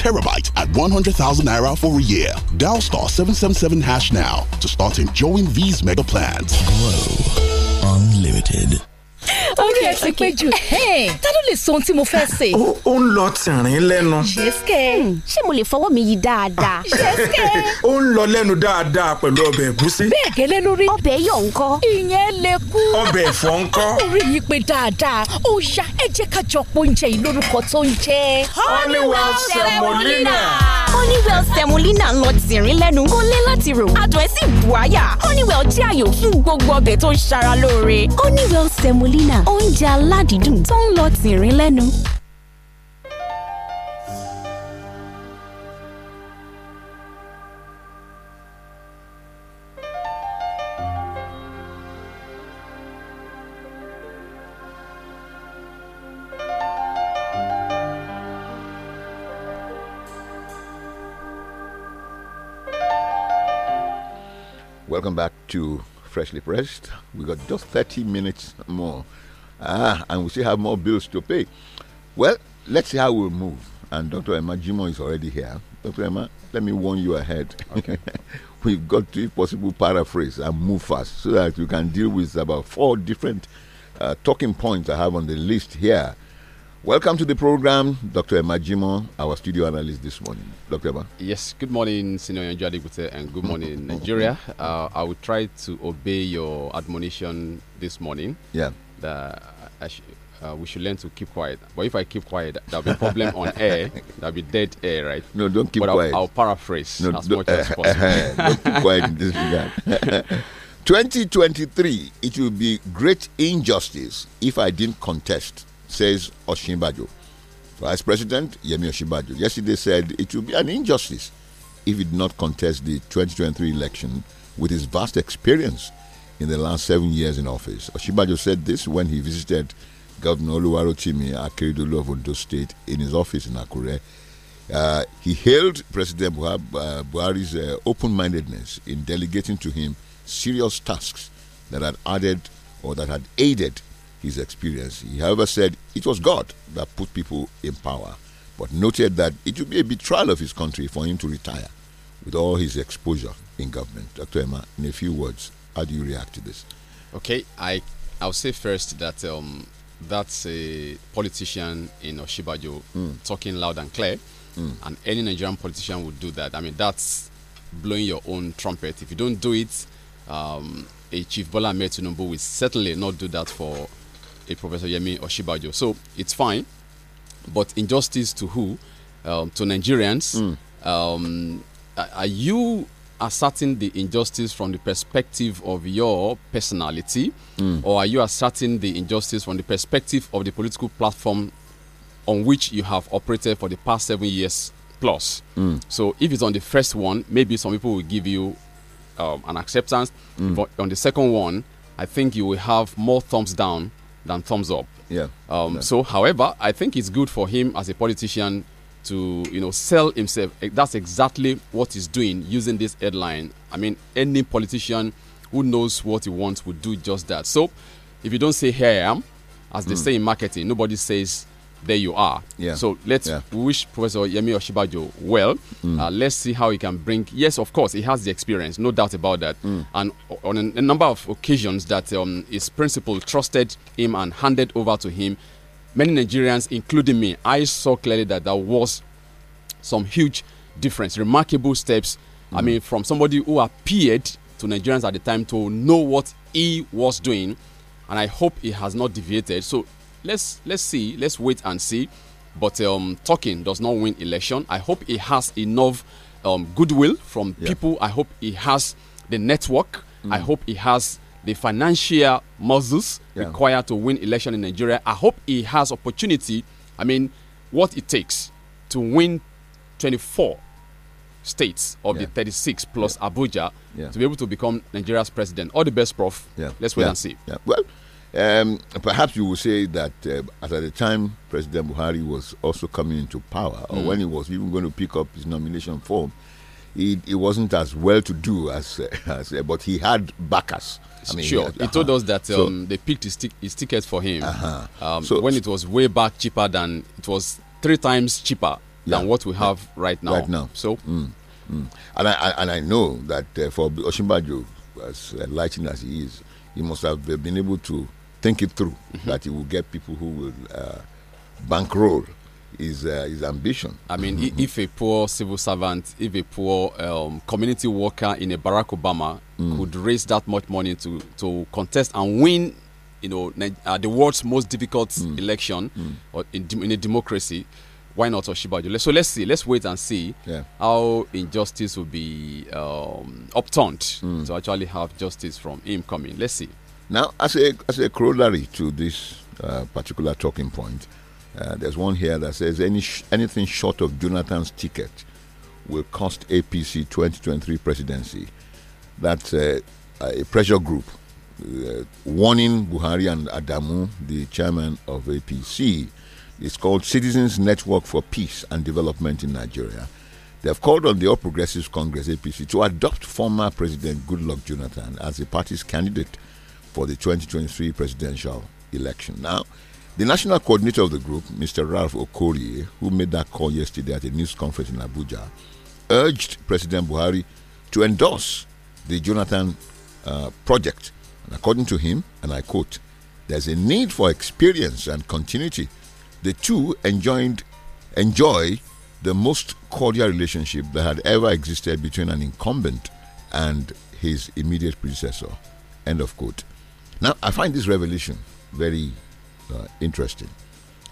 terabyte at 100,000 naira for a year. Dial star 777 hash now to start enjoying these mega plans. Glow Unlimited. orí ẹ ti pé jù ta lè sọ ohun tí mo fẹ́ ṣe. ó ń lọ tìrín lẹ́nu. ṣèṣkẹ́ hmm. ṣé mo lè fọwọ́ mi yí dáadáa. ṣèṣkẹ́. ó ń lọ lẹ́nu dáadáa pẹ̀lú ọbẹ̀ ẹ̀gúsí. bẹ́ẹ̀ gẹ́lẹ́ lórí. ọbẹ̀ yọ̀ ńkọ́. ìyẹn lè kú. ọbẹ̀ ẹ̀fọ́ ńkọ́. orí yìí pé dáadáa ó ya ẹ jẹ́ ká jọ pọ̀ oúnjẹ yìí lórúkọ tó ń jẹ́. Honeywell semolina. Honeywell semolina ń lọ tìrín lẹ́nu kó lé láti rò adùn ẹ̀ sì bù àyà Honeywell jẹ́ àyò fún gbogbo ọbẹ̀ tó ń ṣara lóore Honeywell semolina oúnjẹ aládìídùn tó ń lọ tìrín lẹ́nu. Welcome back to Freshly Pressed. We got just 30 minutes more Ah, and we still have more bills to pay. Well, let's see how we we'll move. And Dr. Emma Jimon is already here. Dr. Emma, let me warn you ahead. Okay. We've got to, if possible, paraphrase and move fast so that you can deal with about four different uh, talking points I have on the list here. Welcome to the program, Dr. Emma Jimo, our studio analyst this morning. Dr. Emma. Yes, good morning, Senior Gute, and good morning, Nigeria. Uh, I will try to obey your admonition this morning. Yeah. That sh uh, we should learn to keep quiet. But if I keep quiet, there'll be problem on air. There'll be dead air, right? No, don't keep but quiet. I'll, I'll paraphrase no, as much as possible. don't keep quiet in this regard. 2023, it will be great injustice if I didn't contest, says Oshimbajo. Vice President Yemi Oshimbajo yesterday said it will be an injustice if he did not contest the 2023 election with his vast experience in the last seven years in office. Oshibajo said this when he visited Governor Oluwarotimi Akeredolu of Ondo State in his office in Akure. Uh, he hailed President uh, Buhari's uh, open-mindedness in delegating to him serious tasks that had added or that had aided his experience. He, however, said it was God that put people in power, but noted that it would be a betrayal of his country for him to retire with all his exposure in government. Dr. Emma, in a few words, how do you react to this? Okay, I I'll say first that um, that's a politician in Oshibajo mm. talking loud and clear, mm. and any Nigerian politician would do that. I mean, that's blowing your own trumpet. If you don't do it, um, a Chief Bola Tinubu will certainly not do that for a Professor Yemi Oshibajo. So it's fine, but injustice to who? Um, to Nigerians. Mm. Um, are you asserting the injustice from the perspective of your personality, mm. or are you asserting the injustice from the perspective of the political platform on which you have operated for the past seven years plus? Mm. So, if it's on the first one, maybe some people will give you um, an acceptance. Mm. But on the second one, I think you will have more thumbs down than thumbs up. Yeah. Um, yeah. So, however, I think it's good for him as a politician to you know sell himself eh, that's exactly what he's doing using this headline i mean any politician who knows what he wants would do just that so if you don't say here i am as they mm. say in marketing nobody says there you are yeah. so let's yeah. wish professor yemi oshibajo well mm. uh, let's see how he can bring yes of course he has the experience no doubt about that mm. and on a, number of occasions that um, his principal trusted him and handed over to him many Nigerians, including me, I saw clearly that there was some huge difference, remarkable steps. Mm. I mean, from somebody who appeared to Nigerians at the time to know what he was doing, and I hope he has not deviated. So let's let's see, let's wait and see. But um, talking does not win election. I hope he has enough um, goodwill from yeah. people. I hope he has the network. Mm. I hope he has the financial muscles yeah. required to win election in Nigeria. I hope he has opportunity. I mean, what it takes to win 24 states of yeah. the 36 plus yeah. Abuja to be able to become Nigeria's president. All the best, Prof. Yeah. Let's wait and see. Well, um, perhaps you will say that uh, at the time President Buhari was also coming into power, or mm. when he was even going to pick up his nomination form, he, wasn't as well to do as, uh, as uh, but he had backers I mean, sure. He, uh -huh. told uh-huh. us that um, so, they picked his, his, ticket for him uh -huh. um, so, when it was way back cheaper than it was three times cheaper yeah, than what we have yeah, right now. Right now. So, mm, mm. and I, I and I know that uh, for Oshimbajo, as enlightened as he is, he must have been able to think it through mm -hmm. that he will get people who will uh, bankroll his, uh, his ambition. I mean, mm -hmm. if a poor civil servant, if a poor um, community worker in a Barack Obama mm. could raise that much money to, to contest and win, you know, uh, the world's most difficult mm. election mm. Or in, in, a democracy, why not Oshibajo? So let's see. Let's wait and see yeah. how injustice will be um, upturned mm. to actually have justice from him coming. Let's see. Now, as a, as a corollary to this uh, particular talking point, uh, there's one here that says Any sh- anything short of Jonathan's ticket will cost APC 2023 presidency. That's uh, a pressure group uh, warning Buhari and Adamu, the chairman of APC. It's called Citizens Network for Peace and Development in Nigeria. They've called on the All Progressives Congress APC to adopt former President Goodluck Jonathan as the party's candidate for the 2023 presidential election. Now, the national coordinator of the group, Mr. Ralph Okorie, who made that call yesterday at a news conference in Abuja, urged President Buhari to endorse the Jonathan uh, project. And according to him, and I quote, there's a need for experience and continuity. The two enjoined, enjoy the most cordial relationship that had ever existed between an incumbent and his immediate predecessor. End of quote. Now, I find this revelation very uh, interesting.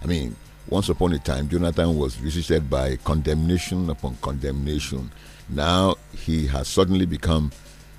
I mean, once upon a time, Jonathan was visited by condemnation upon condemnation. Now he has suddenly become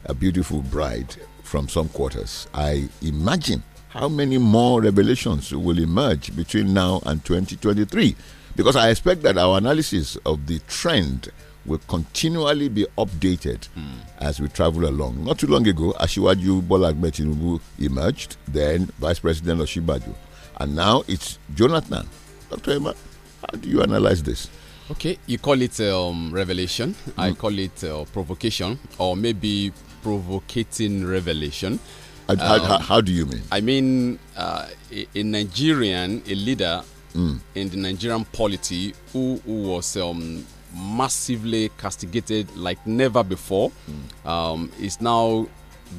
a beautiful bride from some quarters. I imagine how many more revelations will emerge between now and 2023 because I expect that our analysis of the trend will continually be updated mm. as we travel along. Not too long ago, Ashiwaju Bola Tinubu emerged, then Vice President Oshibaju. And now it's Jonathan. Dr. Emma, how do you analyze this? Okay, you call it um, revelation. Mm. I call it uh, provocation, or maybe provocating revelation. How, um, how, how do you mean? I mean, uh, a, a, Nigerian, a leader mm. in the Nigerian polity who, who was um, massively castigated like never before mm. Um, is now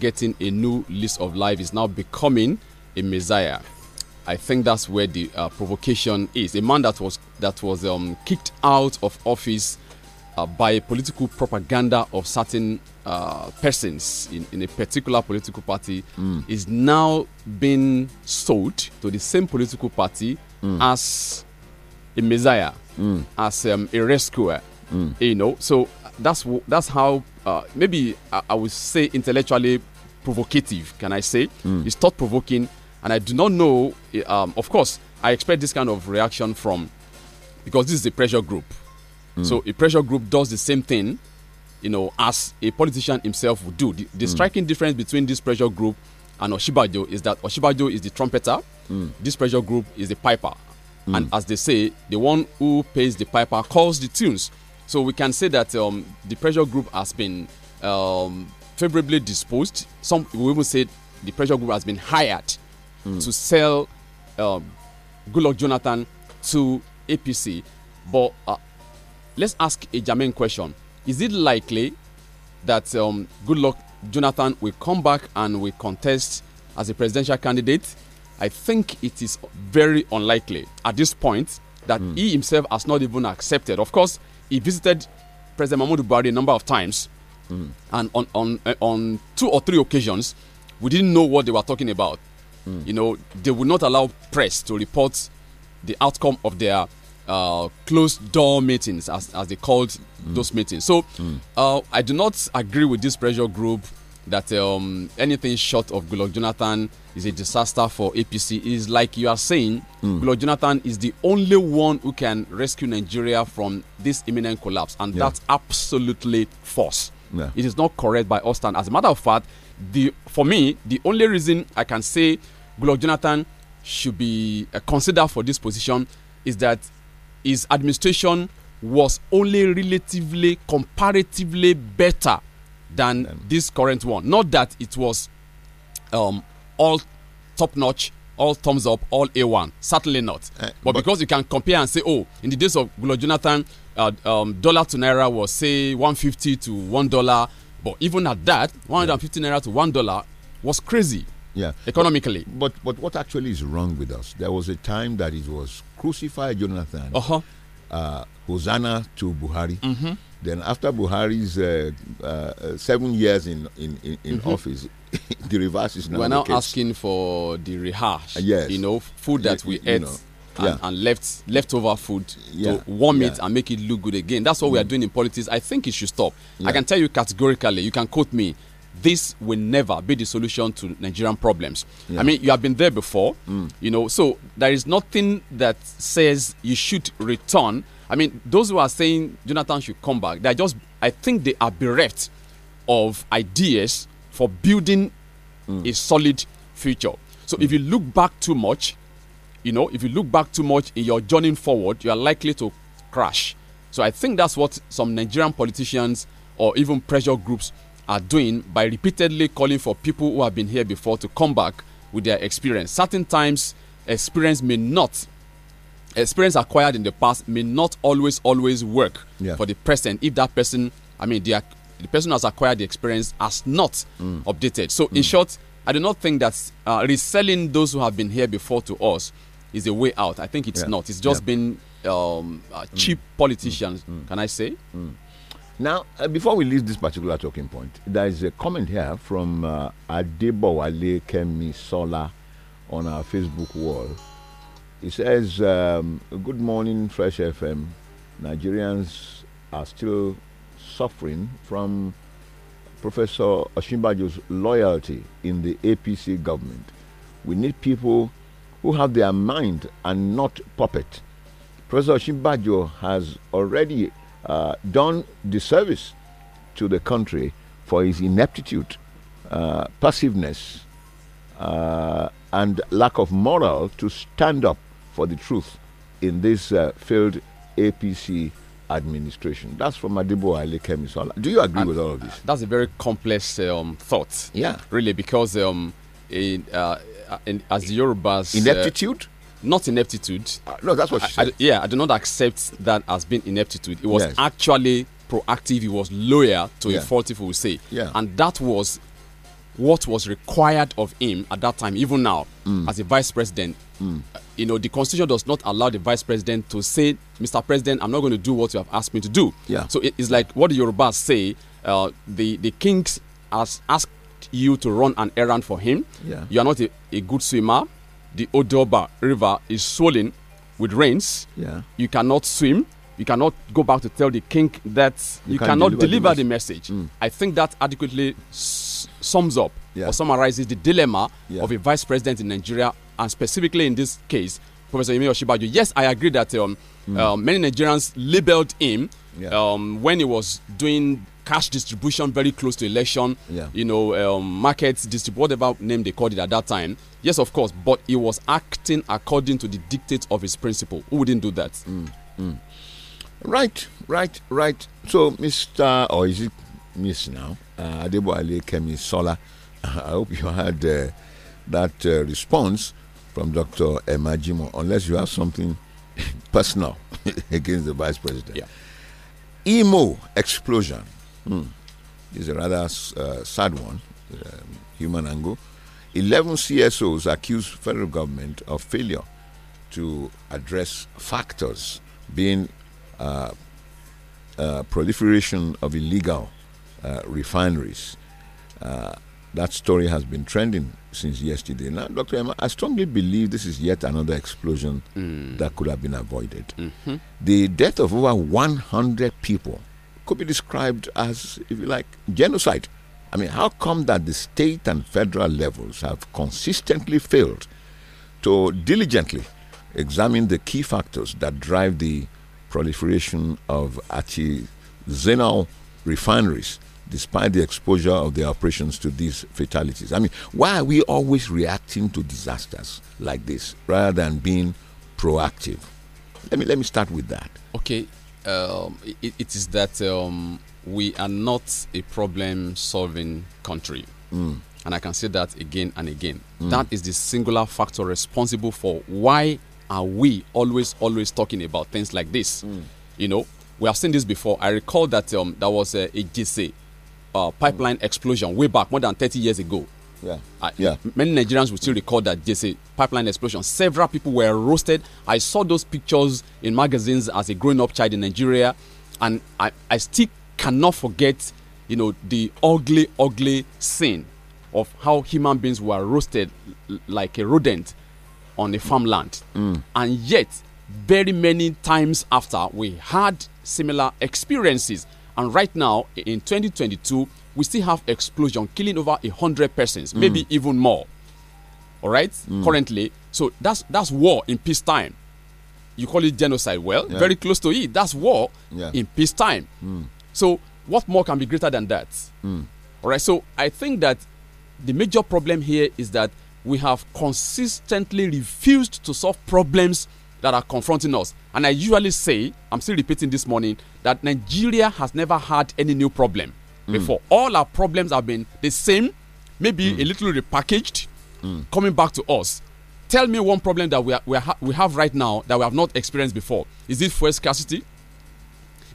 getting a new lease of life, is now becoming a messiah. I think that's where the uh, provocation is. A man that was that was um, kicked out of office uh, by political propaganda of certain uh, persons in, in, a particular political party mm. is now being sold to the same political party mm. as a messiah, mm. as um, a rescuer. Mm. You know, so that's that's how uh, maybe I, I would say intellectually provocative. Can I say it's mm. thought provoking? And I do not know, um, of course, I expect this kind of reaction from, because this is a pressure group. Mm. So a pressure group does the same thing, you know, as a politician himself would do. The, the mm. striking difference between this pressure group and Oshibajo is that Oshibajo is the trumpeter, mm. this pressure group is the piper. Mm. And as they say, the one who pays the piper calls the tunes. So we can say that um, the pressure group has been um, favorably disposed. Some we even say the pressure group has been hired mm. to sell um, Goodluck Jonathan to APC. But uh, let's ask a german question: Is it likely that um, Goodluck Jonathan will come back and will contest as a presidential candidate? I think it is very unlikely at this point that mm. he himself has not even accepted. Of course, he visited President Mahmoud Buhari a number of times, mm. and on on eh, on two or three occasions, we didn't know what they were talking about mm. you know, they will not allow press to report the outcome of their uh, closed door meetings, as, as they called mm. those meetings. So uh, I do not agree with this pressure group that um, anything short of Goodluck Jonathan is a disaster for APC. Is like you are saying, mm. Jonathan is the only one who can rescue Nigeria from this imminent collapse, and yeah. that's absolutely false. Yeah. It is not correct by Austin. As a matter of fact, the for me the only reason I can say Goodluck Jonathan should be uh, considered for this position is that his administration was only relatively comparatively better than mm. this current one. Not that it was um, all top notch, all thumbs up, all A1. Certainly not. Uh, but, but, because you can compare and say, oh, in the days of Gulo Jonathan, uh, um, dollar to naira was say 150 to $1. But even at that, 150 naira to one dollar was crazy. Yeah, economically. But, but, but what actually is wrong with us? There was a time that it was crucify Jonathan. Uh huh. Uh, Hosanna to Buhari. Mm -hmm. Then after Buhari's uh, uh, seven years in in, in, in mm -hmm. office, the reverse is now. We're now asking for the rehash. Yes. You know, food that we you Know and, yeah. and left leftover food yeah. to warm yeah. it and make it look good again. That's what mm. we are mm. doing in politics. I think it should stop. I can tell you categorically, you can quote me. This will never be the solution to Nigerian problems. I mean, you have been there before, mm. you know, so there is nothing that says you should return. I mean, those who are saying Jonathan should come back, they're just, I think they are bereft of ideas for building mm. a solid future. So if mm. you look back too much, you know, if you look back too much in your journey forward, you are likely to crash. So I think that's what some Nigerian politicians or even pressure groups are doing by repeatedly calling for people who have been here before to come back with their experience. Certain times, experience may not, experience acquired in the past may not always, always work yeah. for the present if that person, I mean, the, the person who has acquired the experience has not mm. updated. So, mm. in short, I do not think that uh, reselling those who have been here before to us is a way out. I think it's yeah. not. It's just yeah. been um, uh, mm. cheap mm. politicians, mm. can I say? Mm. Now, uh, before we leave this particular talking point, there is a comment here from uh, Adebowale Kemi Sola on our Facebook wall. He says, um, Good morning, Fresh FM. Nigerians are still suffering from Professor Oshimbajo's loyalty in the APC government. We need people who have their mind and not puppet. Professor Shimbajo has already uh, done disservice to the country for his ineptitude, uh, passiveness, uh, and lack of moral to stand up for the truth in this uh, failed APC administration. That's from Adibo Ali Kemisola. Do you agree and with all of this? That's a very complex um, thought. Yeah. Really, because um, in, uh, uh, in, as Yoruba's uh, ineptitude. not ineptitude. Uh, no, that's what she said. I, yeah, I do not accept that as being ineptitude. It was yes. actually proactive. He was loyal to yeah. a fault, if we say. Yeah. And that was what was required of him at that time, even now, mm. as a vice president. Mm. You know, the constitution does not allow the vice president to say, Mr. President, I'm not going to do what you have asked me to do. Yeah. So it's like what the Yorubas say, uh, the, the kings has asked you to run an errand for him. Yeah. You are not a, a good swimmer. The Odoba River is swollen with rains. Yeah. You cannot swim. You cannot go back to tell the king that you, you cannot deliver, deliver, the message. The message. Mm. I think that adequately sums up yeah. or summarizes the dilemma yeah. of a vice president in Nigeria and specifically in this case, Professor Yemi Oshibaju. Yes, I agree that um, mm. uh, many Nigerians labeled him yeah. um, when he was doing cash distribution very close to election. Yeah. You know, um, markets distribute whatever name they called it at that time. Yes, of course, but he was acting according to the dictates of his principle. Who wouldn't do that? Mm, mm. Right, right, right. So, Mr. or is it Miss now? Uh, Adebo Ali Kemi Sola. I hope you had uh, that uh, response from Dr. Emajimo, unless you have something personal against the vice president. Yeah. Emo explosion. Hmm. It's a rather uh, sad one, um, human angle. 11 CSOs accuse federal government of failure to address factors being uh, uh, proliferation of illegal uh, refineries. Uh, that story has been trending since yesterday. Now, Dr. Emma, I strongly believe this is yet another explosion mm. that could have been avoided. Mm -hmm. The death of over 100 people could be described as, if you like, genocide. I mean, how come that the state and federal levels have consistently failed to diligently examine the key factors that drive the proliferation of artisanal refineries, despite the exposure of their operations to these fatalities? I mean, why are we always reacting to disasters like this rather than being proactive? Let me let me start with that. Okay, um, it, it is that um, we are not a problem solving country. Mm. And I can say that again and again. Mm. That is the singular factor responsible for why are we always, always talking about things like this. Mm. You know, we have seen this before. I recall that um, there was a, a GC, uh, pipeline explosion way back more than 30 years ago. Yeah. I, yeah. Many Nigerians will still recall that JC pipeline explosion. Several people were roasted. I saw those pictures in magazines as a growing up child in Nigeria. And I, I still cannot forget, you know, the ugly, ugly scene of how human beings were roasted like a rodent on a farmland. Mm. And yet, very many times after, we had similar experiences. And right now, in 2022, we still have explosion killing over a hundred persons, mm. maybe even more. All right, mm. currently, so that's that's war in peacetime. You call it genocide. Well, yeah. very close to it. That's war yeah. in peacetime. Mm. So what more can be greater than that? Mm. All right. So I think that the major problem here is that we have consistently refused to solve problems that are confronting us. And I usually say, I'm still repeating this morning, that Nigeria has never had any new problem mm. before. All our problems have been the same, maybe mm. a little repackaged, mm. coming back to us. Tell me one problem that we, are, we, are we have right now that we have not experienced before. Is it fuel scarcity?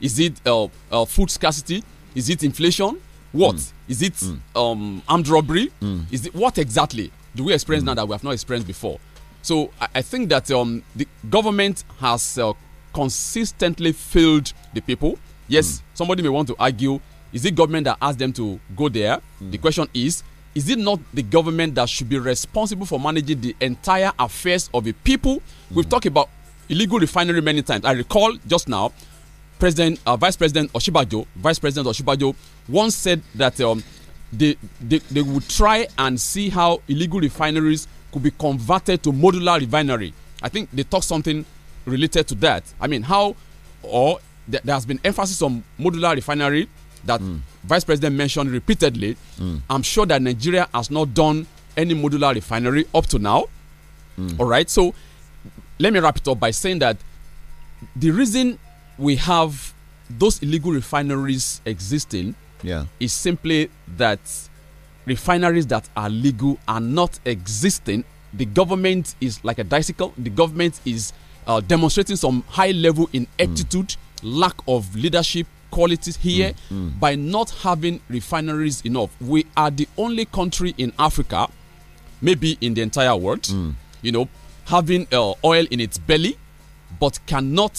Is it uh, uh, food scarcity? Is it inflation? What mm. is it mm. um, armed robbery? Mm. Is it what exactly do we experience now that we have not experienced before? So I, think that um, the government has uh, consistently failed the people. Yes, somebody may want to argue is it government that asked them to go there? Mm. The question is, is it not the government that should be responsible for managing the entire affairs of the people? Mm. We've talked about illegal refinery many times. I recall just now, President, uh, Vice President Oshibajo, Vice President Oshibajo once said that um, they, they, they would try and see how illegal refineries could be converted to modular refinery. I think they talked something related to that. I mean, how or th there has been emphasis on modular refinery that mm. Vice President mentioned repeatedly. Mm. I'm sure that Nigeria has not done any modular refinery up to now. Mm. All right, so let me wrap it up by saying that the reason we have those illegal refineries existing yeah. is simply that refineries that are legal are not existing. The government is like a bicycle. The government is uh, demonstrating some high level ineptitude, mm. lack of leadership, quality here mm, mm. by not having refineries enough. We are the only country in Africa, maybe in the entire world, mm. you know, having uh, oil in its belly, but cannot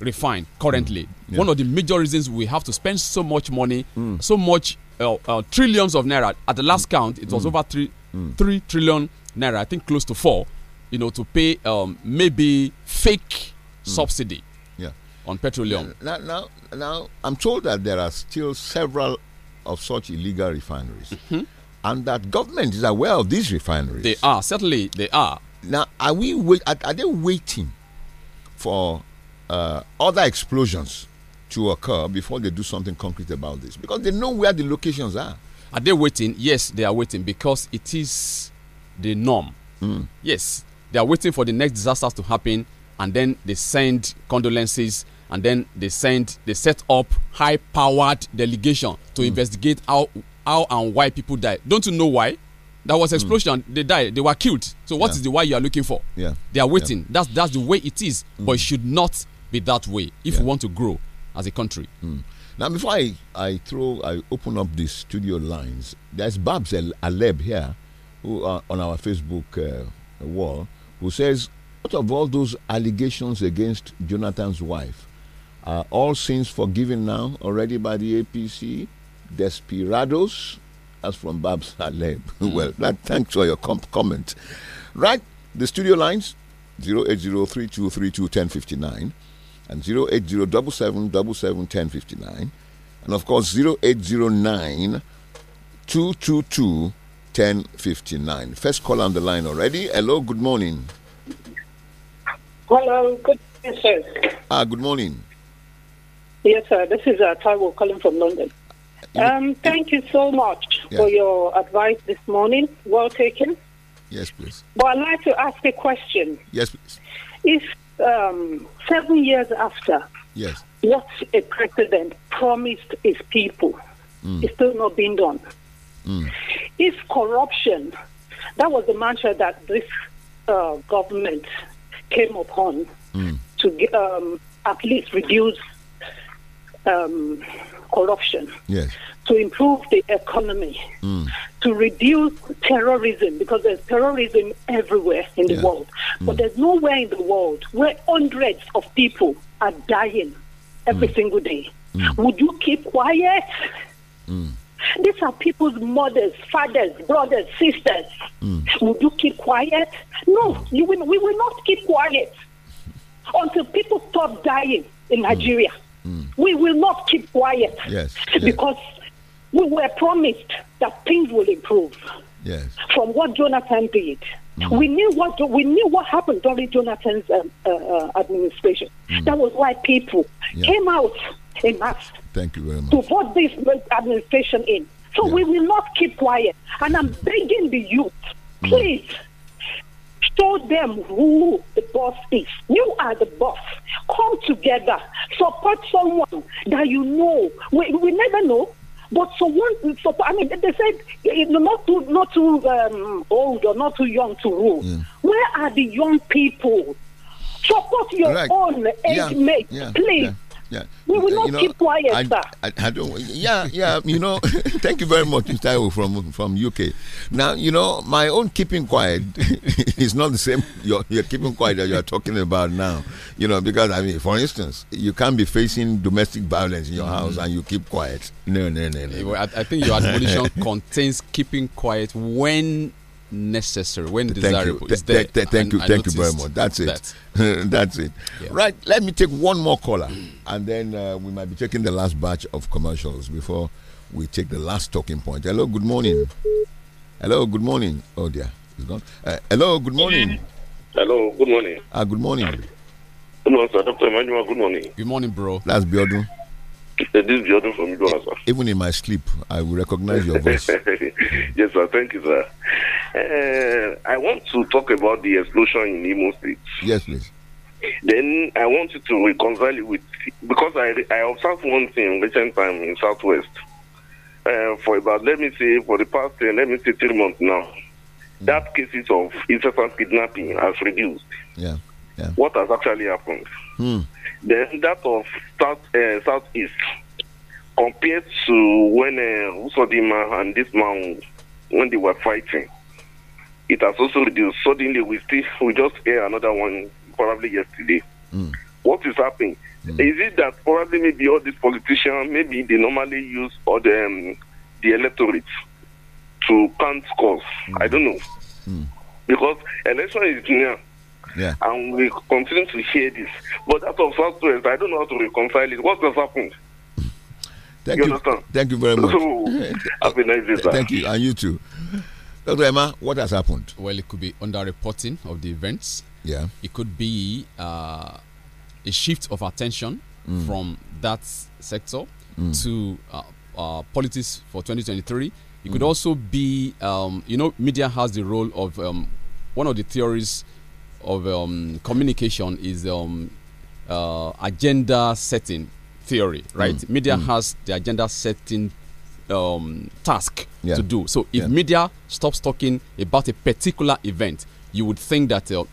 refine currently. Mm. Yeah. One of the major reasons we have to spend so much money, mm. so much uh, uh, trillions of naira. At the last mm. count, it was over three three trillion naira. I think close to four. You know, to pay um, maybe fake subsidy on petroleum. Now, now, now, I'm told that there are still several of such illegal refineries, mm -hmm. and that government is aware of these refineries. They are certainly they are. Now, are we wait, are, are they waiting for uh, other explosions to occur before they do something concrete about this? Because they know where the locations are. Are they waiting? Yes, they are waiting because it is the norm. Mm. Yes, they are waiting for the next disasters to happen and then they send condolences and then they sent they set up high powered delegation to mm. investigate how how and why people die. don't you know why that was hmm. explosion mm. they died they were killed so what yeah. is the why you are looking for yeah they are waiting yeah. that's that's the way it is mm. but hmm. it should not be that way if yeah. we want to grow as a country hmm. now before i i throw i open up the studio lines there's babs aleb here who are uh, on our facebook uh, wall who says what of all those allegations against jonathan's wife uh, all sins forgiven now already by the APC. Desperados, as from Bab Saleb. Hmm. well, that, thanks for your comment. Right, the studio lines 08032321059 and 08077771059 and of course 0809 222 1059. First call on the line already. Hello, good morning. Hello, good morning, sir. Ah, good morning. Yes, sir. This is uh, Taiwo calling from London. Um, thank you so much yeah. for your advice this morning. Well taken. Yes, please. But I'd like to ask a question. Yes, please. If um, seven years after, yes, what a president promised his people mm. is still not being done. Mm. If corruption, that was the mantra that this uh, government came upon mm. to um, at least reduce um, corruption, yes. to improve the economy, mm. to reduce terrorism, because there's terrorism everywhere in yeah. the world. But mm. there's nowhere in the world where hundreds of people are dying every mm. single day. Mm. Would you keep quiet? Mm. These are people's mothers, fathers, brothers, sisters. Mm. Would you keep quiet? No, you will, we will not keep quiet until people stop dying in Nigeria. We will not keep quiet. Yes, yes. Because we were promised that things will improve. Yes. From what Jonathan did. Mm. We knew what we knew what happened during Jonathan's um, uh, uh, administration. Mm. That was why people yeah. came out in mass. Thank you very much. To vote this administration in. So yeah. we will not keep quiet. And I'm begging the youth, mm. please Show them who the boss is. You are the boss. Come together. Support someone that you know. We, we never know. But someone, support, I mean, they said eh, eh, not too, not too um, old or not too young to rule. Yeah. Where are the young people? Support your own age yeah. mates, yeah. please yeah. We will uh, not you know, keep quiet, I, sir. I, I, don't. Yeah, yeah. You know, thank you very much, Mr. from from UK. Now, you know, my own keeping quiet is not the same. You're, you're keeping quiet that you are talking about now. You know, because I mean, for instance, you can't be facing domestic violence in your mm-hmm. house and you keep quiet. No, no, no, no. I, I think your admonition contains keeping quiet when necessary, when thank desirable. You. there. Th th thank you, thank you very much. That's that. it. That's it. Yeah. Right, let me take one more caller, mm. and then uh, we might be taking the last batch of commercials before we take the last talking point. Hello, good morning. Hello, good morning. Oh dear, he has gone. Uh, hello, good morning. Hello, good morning. Ah, uh, good morning. Good morning, sir. Dr. Emmanuel, good morning. Good morning, bro. That's Biodun this from sir. Even in my sleep, I will recognize your voice. yes, sir. Thank you, sir. Uh, I want to talk about the explosion in Imo State. Yes, please. Then I wanted to reconcile it with because I I observed one thing recent time in Southwest. Uh, for about let me say for the past uh, let me say three months now, mm. that cases of incessant kidnapping has reduced. Yeah, yeah. What has actually happened? The hmm. Then that of South uh, Southeast compared to when uh, eh, Usodima and this man when they were fighting, it has also reduced. Suddenly, we still we just hear another one probably yesterday. Hmm. What is happening? Mm. Is it that probably maybe all these politicians maybe they normally use all the um, the electorate to count scores? Mm. I don't know hmm. because election is near yeah. And we continue to hear this. But that of South I don't know how to reconcile it. What has happened? Thank you. you. Thank you very much. So, happy nice day, sir. Thank you, and you too. Dr. Emma, what has happened? Well, it could be underreporting of the events. Yeah. It could be uh, a shift of attention mm. from that sector mm. to uh, uh, politics for 2023. It mm. could also be, um, you know, media has the role of um, one of the theories of um, communication is um, uh, agenda setting theory, right? Mm. Media mm. has the agenda setting um, task yeah. to do. So if yeah. media stops talking about a particular event, you would think that uh,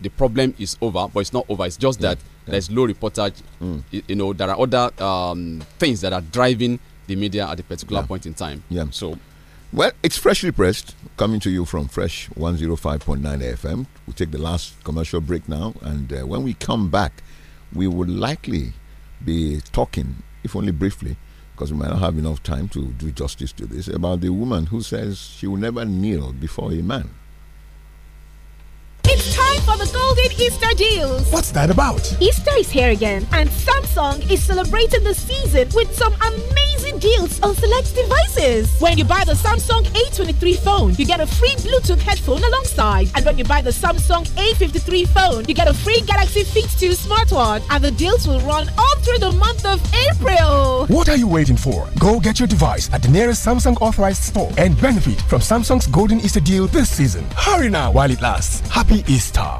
the problem is over, but it's not over. It's just yeah. that there's low reportage. Mm. You, know, there are other um, things that are driving the media at a particular point in time. Yeah. So well, it's freshly pressed, coming to you from Fresh 105.9 FM. We'll take the last commercial break now, and uh, when we come back, we would likely be talking, if only briefly, because we might not have enough time to do justice to this, about the woman who says she will never kneel before a man for the golden Easter deals. What's that about? Easter is here again, and Samsung is celebrating the season with some amazing deals on select devices. When you buy the Samsung A23 phone, you get a free Bluetooth headphone alongside. And when you buy the Samsung A53 phone, you get a free Galaxy Fit 2 smartwatch. And the deals will run all through the month of April. What are you waiting for? Go get your device at the nearest Samsung authorized store and benefit from Samsung's golden Easter deal this season. Hurry now while it lasts. Happy Easter.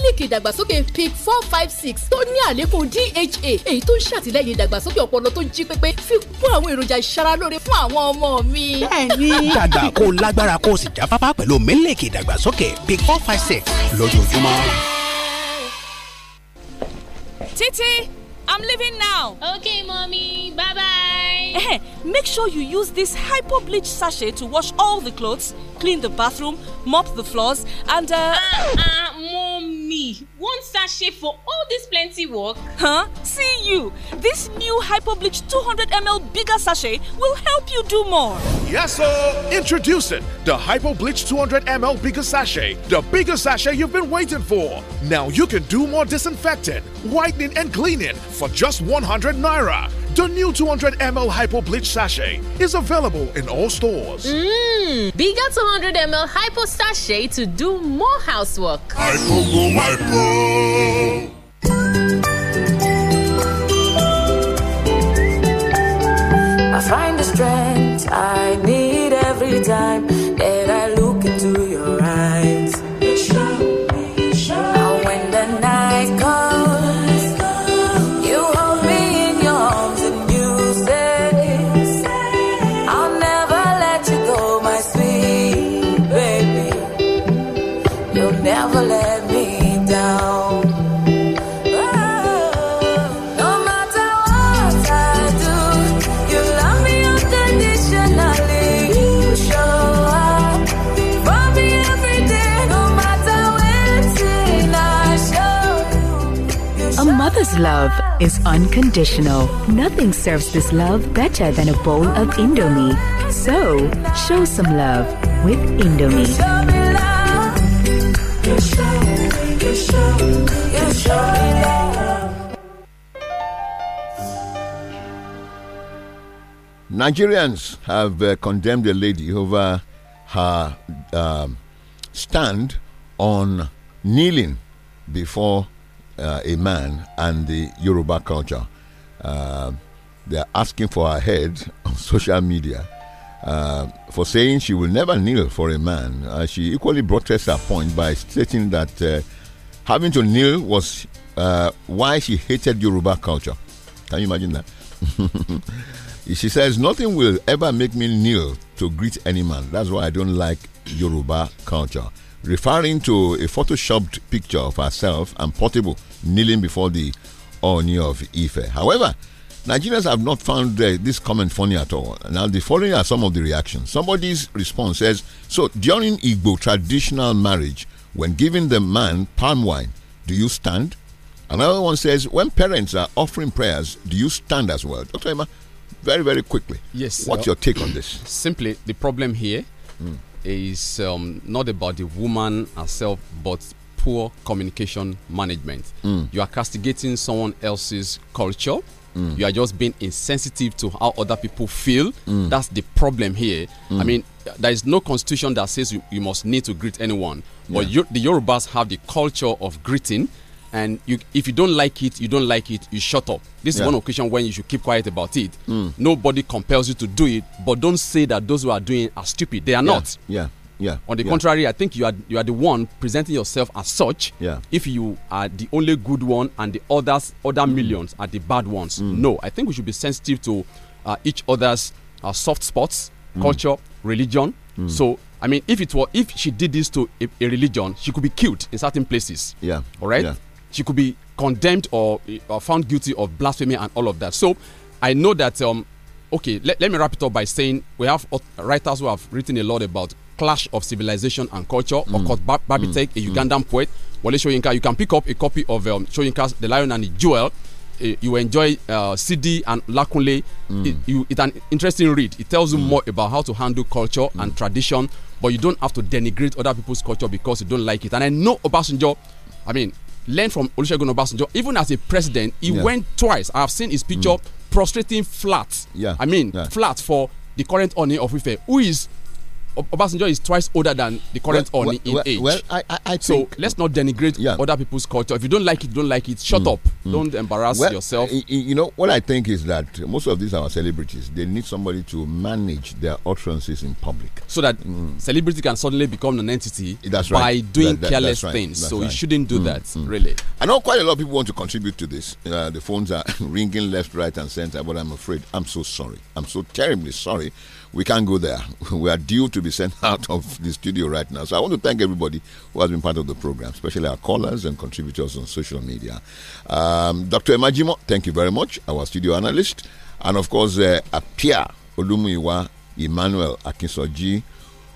mílíkì ìdàgbàsókè pic four five six tó ní àlékún dha èyí tó ń ṣàtìlẹ́yìn ìdàgbàsókè ọpọlọ tó jí pépé fi kún àwọn èròjà ìṣaralóore fún àwọn ọmọ mi. bẹ́ẹ̀ni. dàgbà kó lágbára kó o sì jáfáfá pẹ̀lú mílíkì ìdàgbàsókè pic four five six lójoojúmọ́. títí I'm leaving now. Okay, mommy. Bye bye. Eh, Make sure you use this hypo bleach sachet to wash all the clothes, clean the bathroom, mop the floors, and uh. uh, uh me one sachet for all this plenty work? Huh? See you! This new Hyperbleach 200ml bigger sachet will help you do more. Yes, sir! Introducing the Hyperbleach 200ml bigger sachet, the bigger sachet you've been waiting for. Now you can do more disinfecting, whitening, and cleaning for just 100 naira. The new 200 ml Hypo Bleach Sachet is available in all stores. Mmm, bigger 200 ml Hypo Sachet to do more housework. Hypo, go, hypo. I find the strength I need every time love is unconditional. Nothing serves this love better than a bowl of Indomie. So, show some love with Indomie. Nigerians have uh, condemned a lady over her uh, stand on kneeling before uh, a man and the Yoruba culture. Uh, they are asking for her head on social media uh, for saying she will never kneel for a man. Uh, she equally us her point by stating that uh, having to kneel was uh, why she hated Yoruba culture. Can you imagine that? she says, Nothing will ever make me kneel to greet any man. That's why I don't like Yoruba culture referring to a photoshopped picture of herself and Portable kneeling before the Oni of Ife. However, Nigerians have not found uh, this comment funny at all. Now, the following are some of the reactions. Somebody's response says So, during Igbo traditional marriage, when giving the man palm wine, do you stand? Another one says, When parents are offering prayers, do you stand as well? Dr. Emma, very, very quickly. Yes. What's your take on this? Simply, the problem here mm is um, not about the woman herself, but poor communication management. Mm. You are castigating someone else's culture. Mm. You are just being insensitive to how other people feel. Mm. That's the problem here. I mm. mean, there is no constitution that says you, you must need to greet anyone. But yeah. you, the Yorubas have the culture of greeting and you, if you don't like it you don't like it you shut up this yeah. is one occasion when you should keep quiet about it mm. nobody compels you to do it but don't say that those who are doing are stupid they are yeah. not yeah yeah on the yeah. contrary i think you are you are the one presenting yourself as such yeah if you are the only good one and the others other mm. millions are the bad ones mm. no i think we should be sensitive to uh, each other's uh, soft spots hmm. culture religion hmm. so I mean, if it were if she did this to a, a, religion, she could be killed in certain places. Yeah. All right. Yeah she could be condemned or, or found guilty of blasphemy and all of that. So I know that, um, okay, let, let me wrap it up by saying we have writers who have written a lot about clash of civilization and culture. Mm. Okot Babitek, mm. a mm. Ugandan mm. poet, Wale Shoyinka. You can pick up a copy of um, Shoyinka's The Lion and the Jewel. Eh, you enjoy uh, CD and Lakunle. Mm. It, you, it's an interesting read. It tells you mm. more about how to handle culture and mm. tradition, but you don't have to denigrate other people's culture because you don't like it. And I know Obasanjo, I mean, learn from Olusegun Obasanjo. Even as a president, he yeah. went twice. I've seen his picture mm. prostrating flat. Yeah. I mean, yeah. flat for the current owner of Ife, who is Obasanjo is twice older than the current well, well, in age. Well, I, I, so let's not denigrate yeah. other people's culture. If you don't like it, don't like it. Shut mm. up. Mm. Don't embarrass well, yourself. You know what I think is that most of these are celebrities. They need somebody to manage their utterances in public, so that mm. celebrity can suddenly become an entity. That's by right. By doing that, that, careless things. so right. you shouldn't do mm, that. Mm. Really. I know quite a lot of people want to contribute to this. Uh, the phones are ringing left, right, and center. But I'm afraid I'm so sorry. I'm so terribly sorry we can't go there. We are due to be sent out of the studio right now. So I want to thank everybody who has been part of the program, especially our callers and contributors on social media. Um, Dr. Emajimo, thank you very much, our studio analyst. And of course, uh, Apia Olumuiwa Emmanuel Akinsoji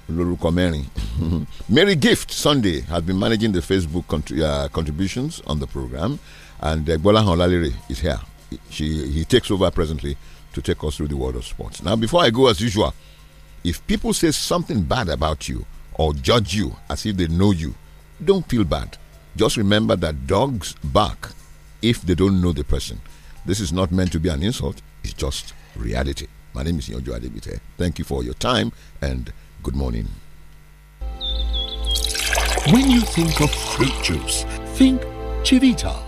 Lulu Mary. Mary Gift Sunday has been managing the Facebook contri uh, contributions on the program. And uh, Bola is here. She, he takes over presently to take us through the world of sports. Now, before I go, as usual, if people say something bad about you or judge you as if they know you, don't feel bad. Just remember that dogs bark if they don't know the person. This is not meant to be an insult, it's just reality. My name is Yonjo Adebite. Thank you for your time and good morning. When you think of fruit juice, think Chivita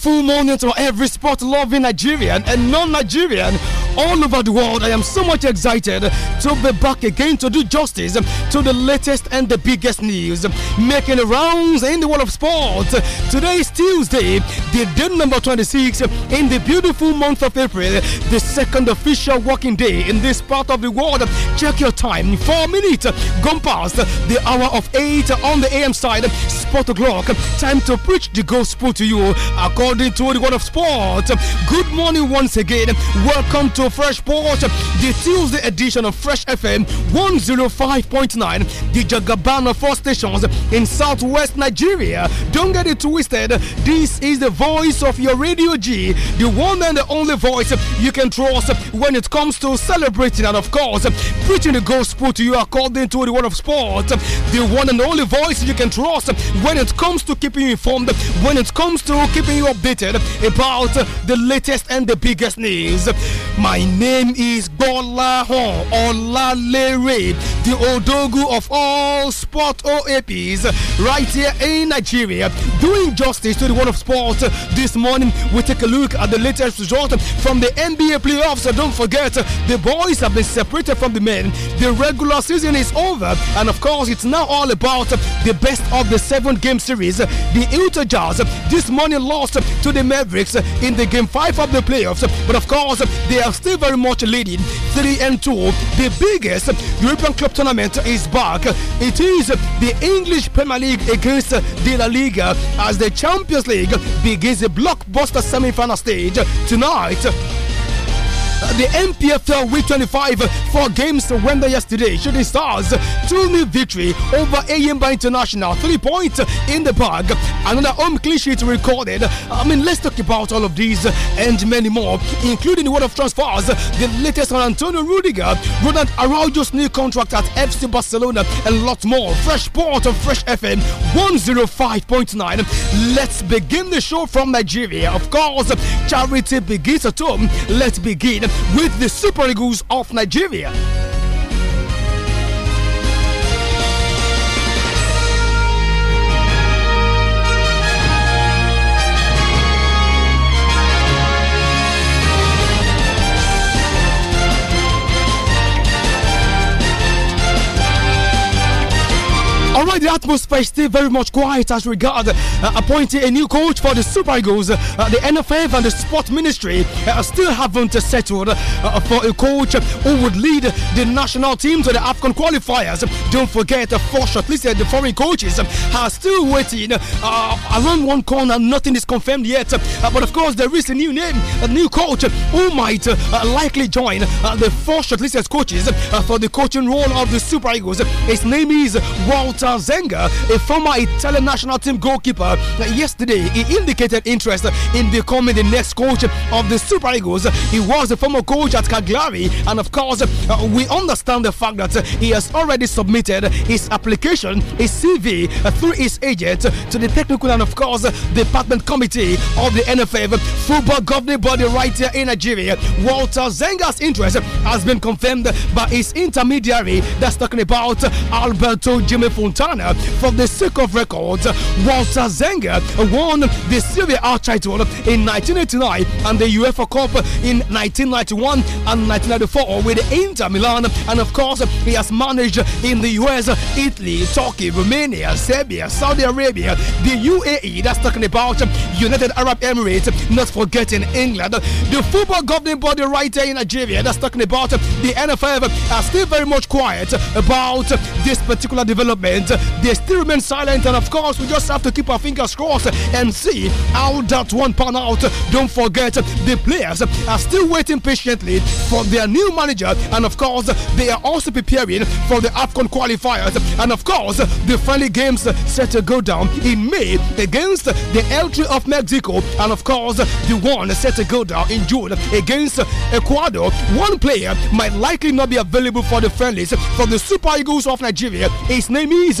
full morning to every sport loving Nigerian and non Nigerian all over the world. I am so much excited to be back again to do justice to the latest and the biggest news making rounds in the world of sport. Today is Tuesday, the day number 26 in the beautiful month of April, the second official working day in this part of the world. Check your time. Four minutes gone past the hour of 8 on the AM side. Sport o'clock. Time to preach the gospel to you according to the word of sport. Good morning once again. Welcome to Fresh Sport, the Tuesday edition of Fresh FM 105.9, the Jagabana Four Stations in southwest Nigeria. Don't get it twisted. This is the voice of your Radio G, the one and the only voice you can trust when it comes to celebrating and, of course, preaching the gospel to you according to the word of sport. The one and only voice you can trust when it comes to keeping you informed, when it comes to keeping you updated about the latest and the biggest news. My name is Bola Hon Olalere, the Odogu of all sport OAPs, right here in Nigeria, doing justice to the world of sport this morning. We take a look at the latest result from the NBA playoffs. So don't forget, the boys have been separated from the men. The regular season is over, and of course, it's now all about the best of the seven game series. The Utah Jazz this morning lost to the Mavericks in the game five of the playoffs, but of course, they are still very much leading three and two. The biggest European club tournament is back. It is the English Premier League against the La Liga as the Champions League begins against the blockbuster semi final stage tonight uh, the MPFL Week 25 four games to win yesterday. Shooting Stars 2 new victory over Ayimba International. Three points in the bag. Another home clean sheet recorded. I mean, let's talk about all of these and many more, including the world of transfers. The latest on Antonio Rudiger, Ronald Araujo's new contract at FC Barcelona, and lots more. Fresh Port of Fresh FM 105.9. Let's begin the show from Nigeria. Of course, charity begins at home. Let's begin with the Super Eagles of Nigeria. the atmosphere is still very much quiet as regards uh, appointing a new coach for the Super Eagles, uh, the NFF and the Sport Ministry uh, still haven't settled uh, for a coach who would lead the national team to the African qualifiers. Don't forget, uh, four shortlisted the foreign coaches are still waiting uh, around one corner. Nothing is confirmed yet. Uh, but of course, there is a new name, a new coach who might likely join the four shortlisted coaches for the coaching role of the Super Eagles. His name is Walter Zenga, a former Italian national team goalkeeper, yesterday he indicated interest in becoming the next coach of the Super Eagles. He was the former coach at Cagliari, and of course, uh, we understand the fact that he has already submitted his application, his CV, uh, through his agent to the technical and, of course, department committee of the NFF football governing body right here in Nigeria. Walter Zenga's interest has been confirmed by his intermediary that's talking about Alberto Jimmy Fontana. Ghana for the sake of records. Walter Zenger won the Serie A title in 1989 and the UEFA Cup in 1991 and 1994 with Inter Milan. And of course, he has managed in the US, Italy, Turkey, Romania, Serbia, Saudi Arabia, the UAE, that's talking about United Arab Emirates, not forgetting England. The football governing body right there in Nigeria, that's talking about the NFF, are still very much quiet about this particular development they still remain silent. And of course, we just have to keep our fingers crossed and see how that one pan out. Don't forget, the players are still waiting patiently for their new manager. And of course, they are also preparing for the AFCON qualifiers. And of course, the friendly games set to go down in May against the El Tri of Mexico. And of course, the one set to go down in June against Ecuador. One player might likely not be available for the friendlies from the Super Eagles of Nigeria. His name is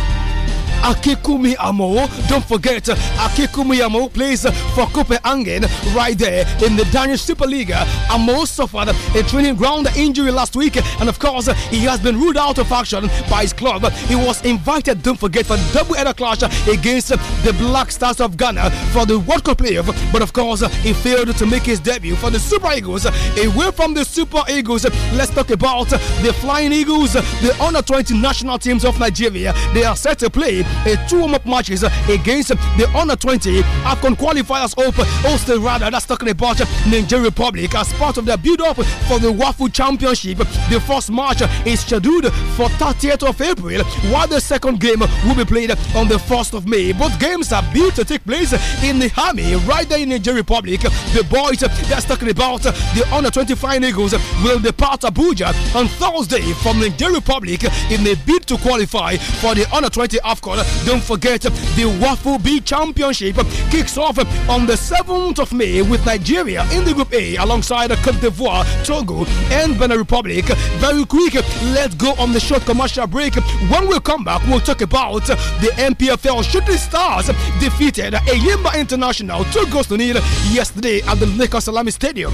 Akikumi Amo. Don't forget, Akikumi Amo plays for Copenhagen right there in the Danish Superliga. Amo suffered a training ground injury last week, and of course, he has been ruled out of action by his club. He was invited, don't forget, for double header clash against the Black Stars of Ghana for the World Cup playoff, but of course, he failed to make his debut for the Super Eagles. Away from the Super Eagles, let's talk about the Flying Eagles, the under 20 national teams of Nigeria. They are set to play a two warm up matches uh, against the under 20 AFCON qualifiers of hosting uh, rather. That's talking about uh, Nigeria Republic as part of the build up for the WAFU Championship. The first match is scheduled for 30th of April, while the second game will be played on the 1st of May. Both games are built to take place in the Army, right there in Nigeria Republic. The boys that's talking about the under 25 Eagles will depart Abuja on Thursday from Nigeria Republic in a bid to qualify for the under 20 AFCON don't forget the Waffle B Championship kicks off on the 7th of May with Nigeria in the Group A alongside Cote d'Ivoire, Togo, and Benin Republic. Very quick, let's go on the short commercial break. When we come back, we'll talk about the MPFL Shooting Stars defeated Ayimba International two goals to nil yesterday at the Lakers Salami Stadium.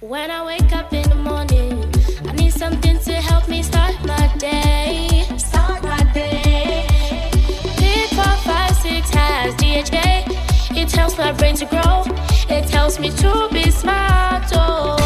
When I wake up in the morning. DHA. It helps my brain to grow. It helps me to be smart. Oh.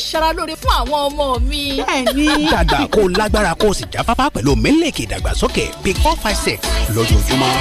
ṣara lóore fún àwọn ọmọ mi. bẹ́ẹ̀ni. dàgbà kó lágbára kó o sì jáfáfá pẹ̀lú mílíkì ìdàgbàsókè big four five six lójoojúmọ́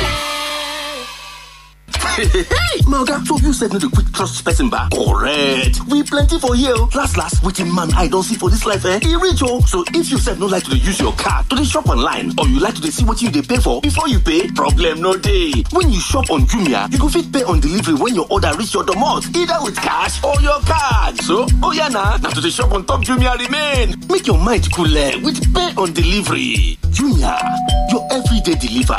my so you said not dey quick trust person ba correct we plenty for here oh. last last which man I don't see for this life eh e reach o oh. so if you said no like to use your card to the shop online or you like to see what you they pay for before you pay problem no day. when you shop on jumia you go fit pay on delivery when your order reach your domot either with cash or your card so oh oya na now to the shop on top jumia remain make your mind cooler eh, with pay on delivery jumia your everyday deliver.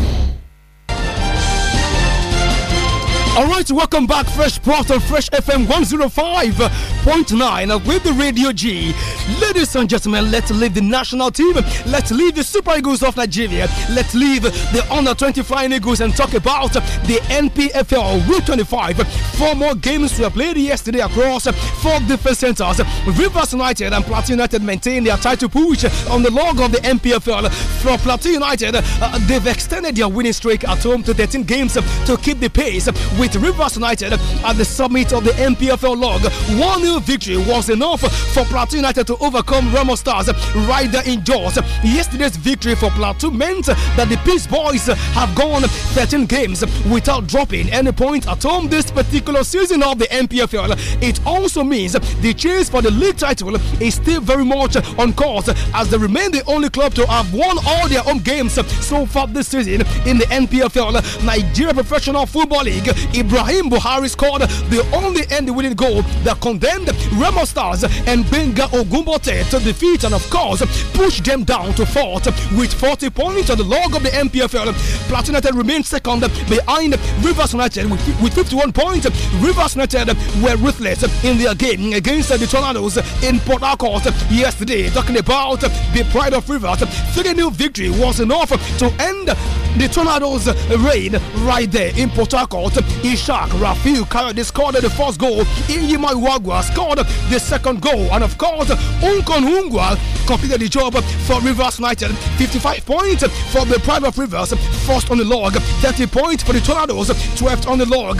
All right, welcome back, Fresh Port on Fresh FM 105.9 with the Radio G. Ladies and gentlemen, let's leave the national team, let's leave the Super Eagles of Nigeria, let's leave the Under 20 Flying Eagles and talk about the NPFL Week 25. Four more games were played yesterday across four different centers. Rivers United and Plateau United maintain their title push on the log of the NPFL. From Plateau United, uh, they've extended their winning streak at home to 13 games to keep the pace with Rivers United at the summit of the MPFL log. One nil victory was enough for Plateau United to overcome Ramos Stars right there in Jaws. Yesterday's victory for Plateau meant that the Peace Boys have gone 13 games without dropping any point at home this particular season of the MPFL. It also means the chase for the league title is still very much on course as they remain the only club to have won all their home games so far this season in the NPFL. Nigeria Professional Football League Ibrahim Buhari scored the only end-winning goal that condemned Remo Stars and Benga Ogumbote to defeat and of course pushed them down to fourth with 40 points on the log of the MPFL. Platinum remained remains second behind Rivers United with, with 51 points. Rivers United were ruthless in their game against the Tornadoes in Port Harcourt yesterday. Talking about the pride of Rivers, 3 0 victory was enough to end the Tornadoes' reign right there in Port Harcourt. Ishak Rafiu scored the first goal. Iyima scored the second goal. And of course, Unkon completed the job for Rivers United. 55 points for the Pride of Rivers, first on the log. 30 points for the Tornadoes, 12th on the log.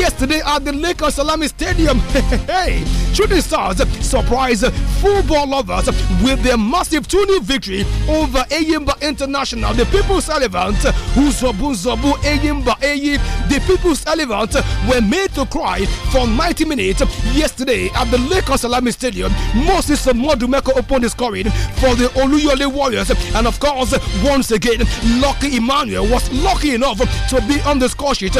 Yesterday at the Lakers Salami Stadium, hey, Shooting Stars surprised football lovers with their massive 2 0 victory over Ayimba International. The People's Elephant, Uzobu Zobu Ayimba Ayi, the People's Elephant were made to cry for 90 minutes yesterday at the Lakers Salami Stadium. Moses Modumeko opened the scoring for the Oluyole Warriors, and of course, once again, Lucky Emmanuel was lucky enough to be on the score sheet.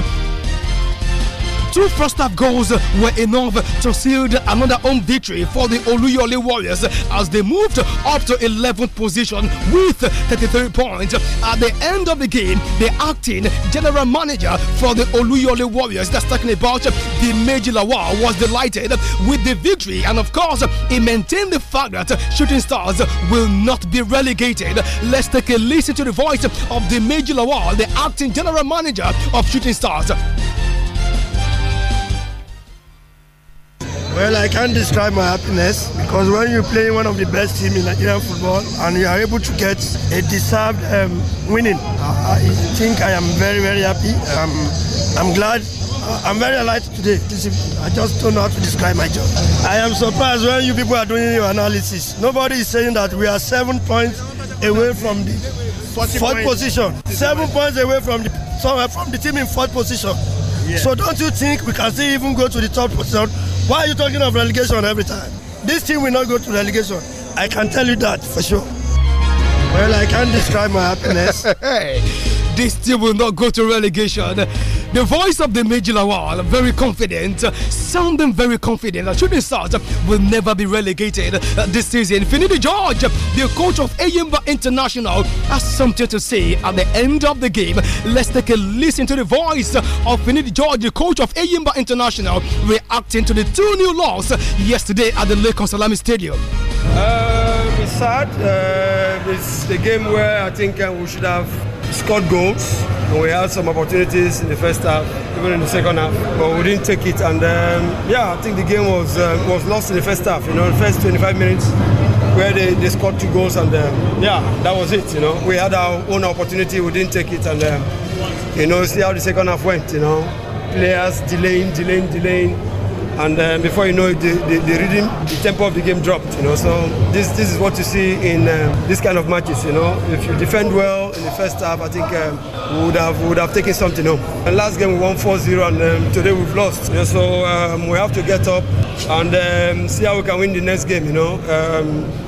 Two first half goals were enough to seal another home victory for the Oluyole Warriors as they moved up to 11th position with 33 points. At the end of the game, the acting general manager for the Oluyole Warriors, that's talking about the Major Lawal, was delighted with the victory. And of course, he maintained the fact that shooting stars will not be relegated. Let's take a listen to the voice of the Major Lawal, the acting general manager of shooting stars. Well, I can't describe my happiness because when you play one of the best teams in Nigerian football and you are able to get a deserved um, winning, I think I am very, very happy. Um, I'm glad. Uh, I'm very alive today. I just don't know how to describe my job. I am surprised when you people are doing your analysis. Nobody is saying that we are seven points away from the fourth position. Seven points away from the from the team in fourth position. Yeah. So don't you think we can still even go to the top position why are you talking of relegation every time? This team will not go to relegation. I can tell you that for sure. Well, I can't describe my happiness. hey this team will not go to relegation. The voice of the Major very confident, sounding very confident. Shooting Stars will never be relegated uh, this season. Finidi George, the coach of Ayimba International, has something to say at the end of the game. Let's take a listen to the voice of Finidi George, the coach of Ayimba International, reacting to the two new loss yesterday at the Lake Salami Stadium. Um, it's sad. Uh, it's the game where I think uh, we should have scored goals. We had some opportunities in the first half, even in the second half, but we didn't take it. And um, yeah, I think the game was um, was lost in the first half. You know, the first 25 minutes, where they, they scored two goals, and um, yeah, that was it. You know, we had our own opportunity, we didn't take it, and um, you know, see how the second half went. You know, players delaying, delaying, delaying and uh, before you know it, the, the, the, rhythm, the tempo of the game dropped. You know, so this this is what you see in um, this kind of matches. You know, if you defend well in the first half, I think um, we would have we would have taken something home. And last game we won 4-0, and um, today we've lost. You know, so um, we have to get up and um, see how we can win the next game. You know,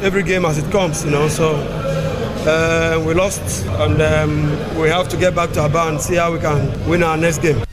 every game as it comes. You know, so. Uh, we lost and um, we have to get back to our and see how we can win our next game.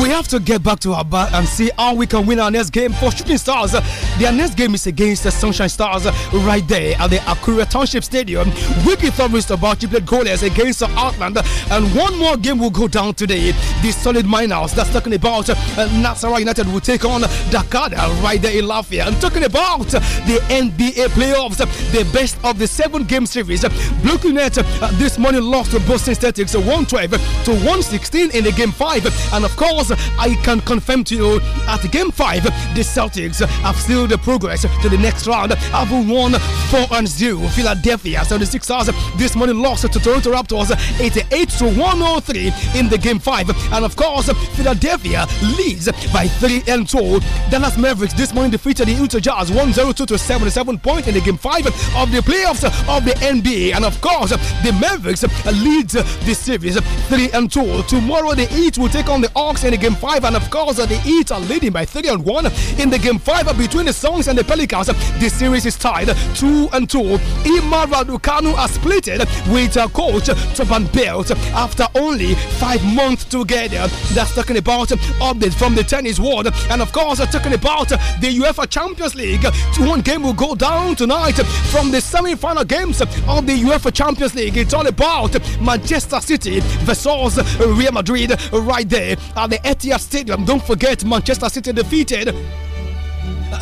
We have to get back to our bat and see how we can win our next game for Shooting Stars. Their next game is against the Sunshine Stars right there at the Akura Township Stadium. Wiki Thomas about play goalers against Outland, and one more game will go down today. The Solid Miners that's talking about uh, Nassau United will take on Dakada right there in Lafayette. I'm talking about the NBA playoffs, the best of the seven game series. Brooklyn Net uh, this morning lost to Boston Celtics 112 to 116 in the game five, and of course. I can confirm to you at game five, the Celtics have still the progress to the next round. Have won 4 and 0. Philadelphia 76ers this morning lost to Toronto Raptors 88 to 103 in the game five. And of course, Philadelphia leads by 3 and 2. Dallas Mavericks this morning defeated the Utah Jazz 102 to 77 points in the game five of the playoffs of the NBA. And of course, the Mavericks leads the series 3 and 2. Tomorrow, the Heat will take on the Hawks in the game five, and of course, uh, the Heat are leading by three and one in the game five uh, between the Songs and the Pelicans. The series is tied two and two. Ima Raducanu has split it with uh, coach Toban Belt after only five months together. That's talking about uh, updates from the tennis world, and of course, talking about the UEFA Champions League. One game will go down tonight from the semi-final games of the UEFA Champions League. It's all about Manchester City versus Real Madrid right there at the Etihad Stadium. Don't forget, Manchester City defeated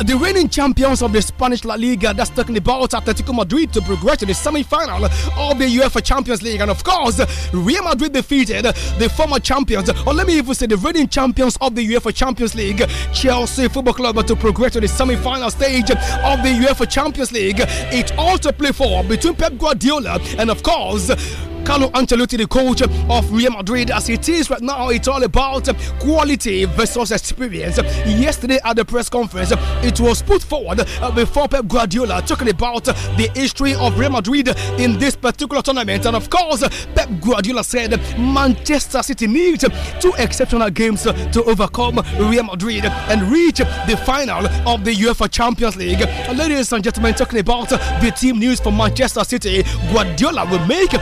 the reigning champions of the Spanish La Liga, that's talking about Atletico Madrid to progress to the semi final of the UEFA Champions League. And of course, Real Madrid defeated the former champions, or let me even say the reigning champions of the UEFA Champions League, Chelsea Football Club, to progress to the semi final stage of the UEFA Champions League. It all to play for between Pep Guardiola and, of course, Carlo Ancelotti, the coach of Real Madrid, as it is right now, it's all about quality versus experience. Yesterday at the press conference, it was put forward uh, before Pep Guardiola talking about the history of Real Madrid in this particular tournament. And of course, Pep Guardiola said Manchester City needs two exceptional games to overcome Real Madrid and reach the final of the UEFA Champions League. Ladies and gentlemen, talking about the team news for Manchester City, Guardiola will make a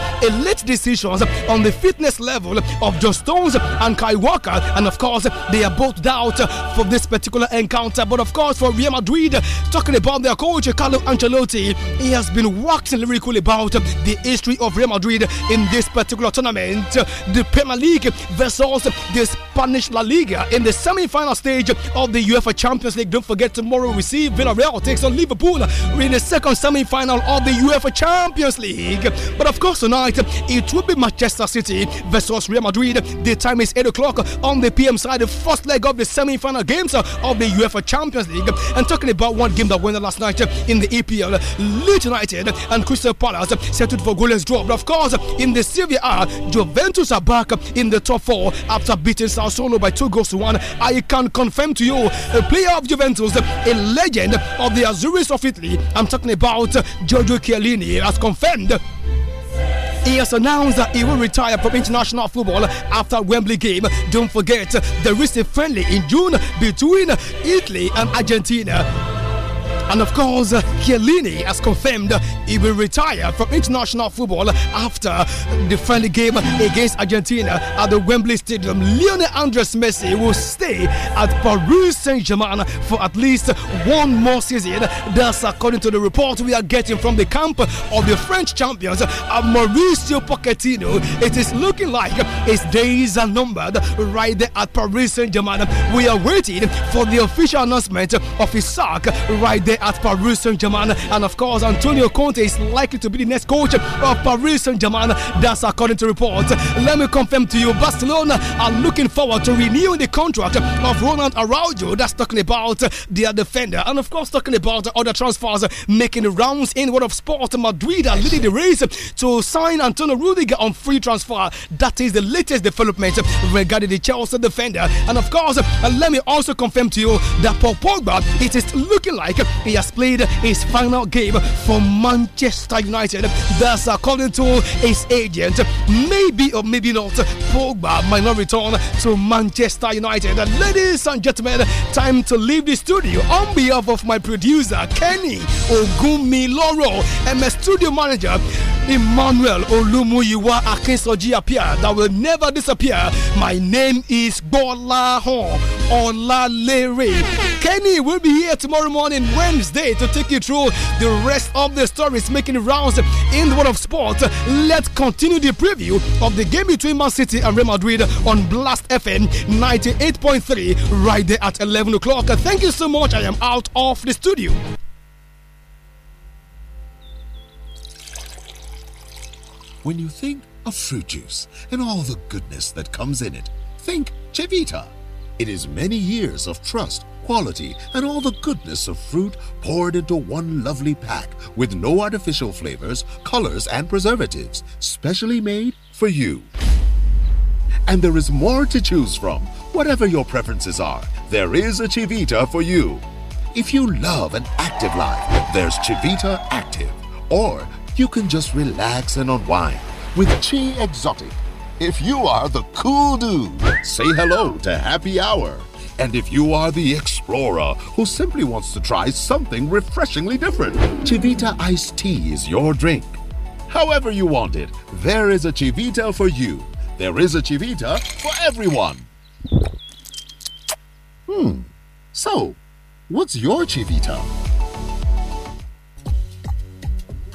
decisions on the fitness level of Joe Stones and Kai Walker. And of course, they are both out for this particular encounter. But of course, for Real Madrid, talking about their coach, Carlo Ancelotti, he has been waxing cool about the history of Real Madrid in this particular tournament. The Premier League versus the Spanish La Liga in the semi final stage of the UEFA Champions League. Don't forget, tomorrow we see Villarreal takes on Liverpool in the second semi final of the UEFA Champions League. But of course, tonight it will be Manchester City versus Real Madrid. The time is 8 o'clock on the PM side, the first leg of the semi final games of the UEFA Champions League. And talking about one game that went last night in the EPL, Leeds United and Crystal Palace settled for goalless draw. But of course, in the Serie A, Juventus are back in the top four after beating Sao Solo by two goals to one. I can confirm to you, a player of Juventus, a legend of the Azuris of Italy, I'm talking about Giorgio Chiellini, has confirmed he has announced that he will retire from international football after Wembley game. Don't forget, there is a friendly in June between Italy and Argentina. And of course, Chiellini has confirmed he will retire from international football after the friendly game against Argentina at the Wembley Stadium. Lionel Andres Messi will stay at Paris Saint Germain for at least one more season. That's according to the report we are getting from the camp of the French champions, uh, Mauricio Pochettino. It is looking like his days are numbered right there at Paris Saint Germain. We are waiting for the official announcement of his sack right there at Paris Saint-Germain. And of course, Antonio Conte is likely to be the next coach of Paris Saint-Germain. That's according to reports. Let me confirm to you, Barcelona are looking forward to renewing the contract of Ronald Araujo. That's talking about their defender. And of course, talking about other transfers making the rounds in world of sport. Madrid are leading the race to sign Antonio Rudiger on free transfer. That is the latest development regarding the Chelsea defender. And of course, let me also confirm to you that Paul Pogba, it is looking like he has played his final game for Manchester United. Thus, according to his agent. Maybe or maybe not, Pogba might not return to Manchester United. Ladies and gentlemen, time to leave the studio. On behalf of my producer, Kenny Ogumiloro, and my studio manager, Emmanuel Olumuyiwa Akinsoji appear that will never disappear. My name is Bola Hon Olalere. Kenny will be here tomorrow morning when Wednesday to take you through the rest of the stories making rounds in the world of sport. Let's continue the preview of the game between Man City and Real Madrid on Blast FM 98.3 right there at 11 o'clock. Thank you so much. I am out of the studio. When you think of fruit juice and all the goodness that comes in it, think Chevita. It is many years of trust quality and all the goodness of fruit poured into one lovely pack with no artificial flavors, colors, and preservatives, specially made for you. And there is more to choose from. Whatever your preferences are, there is a Chivita for you. If you love an active life, there's Chivita Active. Or you can just relax and unwind with Chi Exotic. If you are the cool dude, say hello to Happy Hour. And if you are the extra, Rora, who simply wants to try something refreshingly different. Chivita iced tea is your drink. However you want it, there is a Chivita for you. There is a Chivita for everyone. Hmm, so what's your Chivita?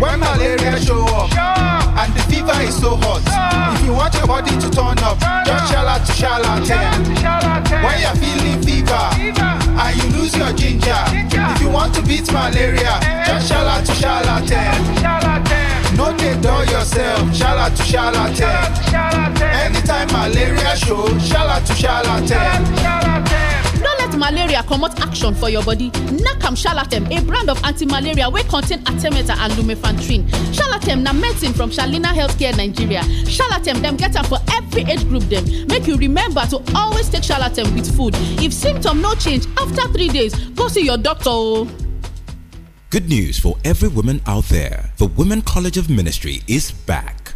When malaria show up and the fever is so hot, if you want your body to turn up, just shout out to charlatan. When you're feeling fever and you lose your ginger, if you want to beat malaria, eh. just shout out to charlatan. No dey dull yourself, shout out to charlatan. Anytime malaria show, shout out to charlatan malaria comot action for your body nakam shalatem a brand of anti-malaria wey contain atemeta and lumefantrine shalatem na medicine from Charlina healthcare nigeria shalatem dem get am for every age group dem make you remember to always take shalatem with food if symptom no change after three days go see your doctor o. Good news for every woman out there. The Women College of Ministry is back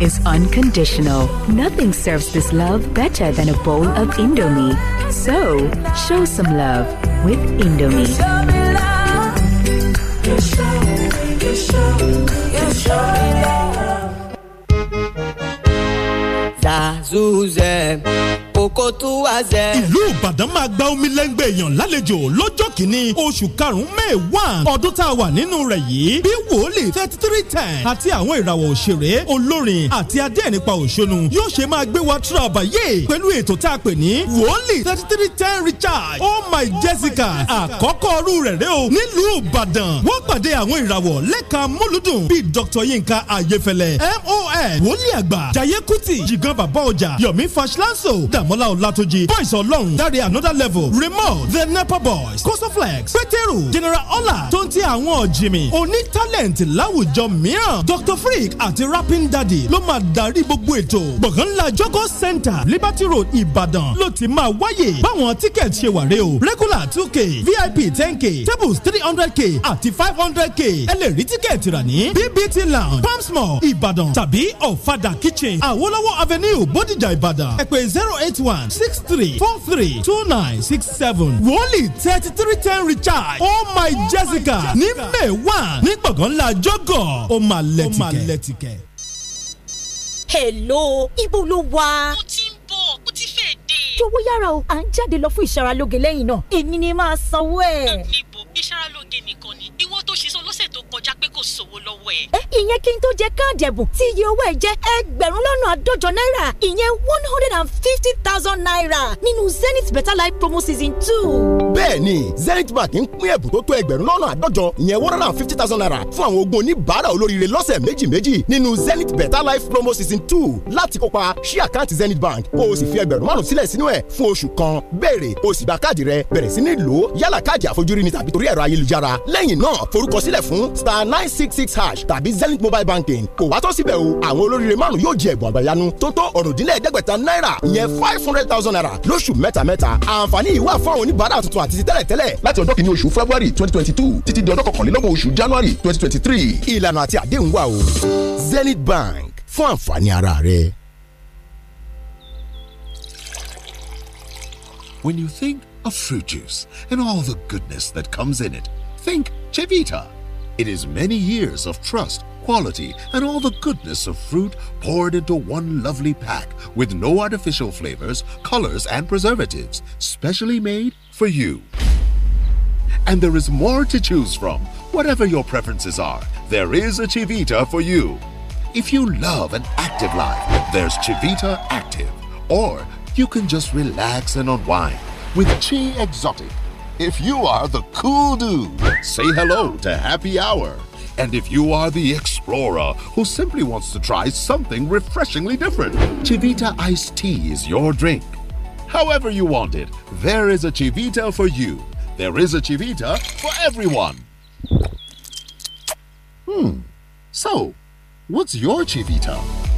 is unconditional. Nothing serves this love better than a bowl of Indomie. So, show some love with Indomie. ó tún wá ṣẹ. ìlú ìbàdàn máa gba omi lẹ́ngbẹ̀ẹ́ èèyàn lálejò lọ́jọ́ kìíní oṣù karùn-ún may one ọdún tá a wà nínú rẹ̀ yìí bí wòlíì thirty three ten àti àwọn ìràwọ̀ òṣèré olórin àti adẹ́rìnpa òṣónú yóò ṣe máa gbé wa trabayé pẹ̀lú ètò tá a pè ní wòlíì thirty three ten richard oh my jessica àkọ́kọ́ ọrú rẹ̀ rẹ́ o nílùú ìbàdàn wọ́n pàdé àwọn ìràwọ̀ lẹ́ka múlùdùn bíi dr yinka ayefẹlẹ mon wòlíì àgbà jaye kuti jigan bàbá ọjà yomi fashlanso dàmọ́lá ol ọlọ́run látòjì boys ọlọ́run dáre another level remote the nepa boys kosoflex peteru general ọlá tó ń ti àwọn ọ̀jìmì oní talent láwùjọ mìíràn dr freak àti rapping daddy ló máa darí gbogbo ètò gbọ̀ngàn ńlá jogo center liberty road ìbàdàn ló ti máa wáyè báwọn ticket, ṣe wà rè o regular two k vip ten k tables three hundred k àti five hundred k ẹ lè rí tíkẹ́ẹ̀tì rà ní bbt lounge palms mall ìbàdàn tàbí ọ̀fadà kitchen àwọlọ́wọ́ avenue bódìjà ìbàdàn ẹ zero eight one six three four three two nine six seven wọ́ọ̀lì thirty three ten recharge oh my jessica ní may one ní gbọ̀ngàn ńlá jọ́gọ̀ ó máa lẹ́tìkẹ́. hello ibo ló wà. mo ti ń bọ̀ mo ti fẹ́ dé. jọ̀wọ́ yára o à ń jáde lọ fún ìṣaralóge lẹ́yìn náà èmi ni màá sanwó ẹ̀ kọjá pé kò sówó lọ́wọ́ ẹ̀. ẹ ìyẹn kí n tó jẹ káàdì ẹ̀bùn tí iye owó ẹ̀ jẹ́ ẹgbẹ̀rún lọ́nà àádọ́jọ náírà ìyẹn one hundred and fifty thousand naira nínú zenith better life promo season two. bẹ́ẹ̀ni zenith bank ń pín ẹ̀bùn tó tó ẹgbẹ̀rún lọ́nà àádọ́jọ ìyẹn one hundred and fifty thousand naira fún àwọn ogun oníbàárà olóríire lọ́sẹ̀ méjì méjì nínú zenith better life promo season two láti kópa ṣí àkáǹtì zenith bank kó o sì fi ẹgbẹ̀rún márùn sílẹ̀ sínú ẹ̀ fún oṣù kan béèrè o sì gba káàdì rẹ bẹ̀rẹ̀ sí ní lò ó yálà káàdì àfojúrí ni tàbí torí ẹ̀rọ ayélujára lẹ́yìn náà forúkọsílẹ̀ fún st star nine six six hash tàbí zenith mobile banking kò wá tó síbẹ̀ o àwọn olóríire márùn yóò jẹ ẹ̀bùn àbáyánu tó tó ọ̀rùndínlẹ̀ẹ́dẹ́gbẹ̀ta náírà ìyẹn five hundred thousand naira lóṣù mẹ́tamẹ́ta àǹfààní yìí wà oníbàárà tuntun àti tẹ́lẹ̀tẹ́lẹ̀ láti ọjọ́ kìíní oṣù february twenty twenty two títí di ọjọ́ kọkànlélọ́gbọ̀n oṣù january twenty twenty three ìlànà àti àdéhùn wà o zenith bank fún àǹfààní When you think of fruit juice and all the goodness that comes in it, think Chivita It is many years of trust, quality, and all the goodness of fruit poured into one lovely pack with no artificial flavors, colors, and preservatives, specially made for you. And there is more to choose from. Whatever your preferences are, there is a Chivita for you. If you love an active life, there's Chivita Active. Or you can just relax and unwind with Chi Exotic if you are the cool dude, say hello to Happy Hour. And if you are the explorer who simply wants to try something refreshingly different, Chivita iced tea is your drink. However you want it, there is a Chivita for you. There is a Chivita for everyone. Hmm. So, what's your Chivita?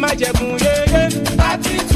máa jẹ̀bùn yéyé. thirty two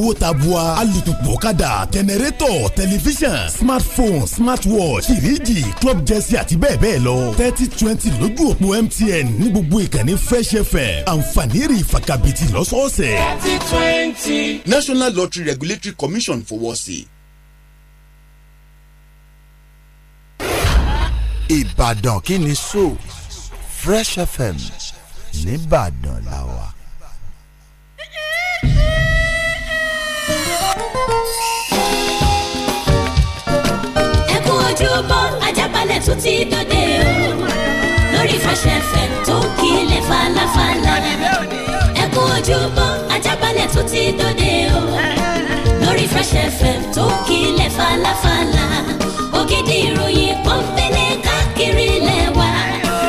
owó tabua alùpùpù kàdà jẹnẹrétọ̀ tẹlifíṣàn smartphone smartwatch fìríjì club jẹ́sí àti bẹ́ẹ̀ bẹ́ẹ̀ lọ thirty twenty lójú òpó MTN ní gbogbo ìkànnì fresh fm àǹfààní rí ìfakabìtì lọ́sọ̀ọ̀sẹ̀. thirty twenty. National Lottery Regulatory Commission fọwọ́ sí. Ìbàdàn kí ni so Fresh FM nìbàdàn làwà. tún ti dòde o lórí Fresh FM tó kílẹ̀ falafala ẹ kú ojúmọ́ ajábalẹ̀ tún ti dòde o lórí Fresh FM tó kílẹ̀ falafala ògidì ìròyìn pọ́npẹ́lẹ́ káàkiri lẹ́wà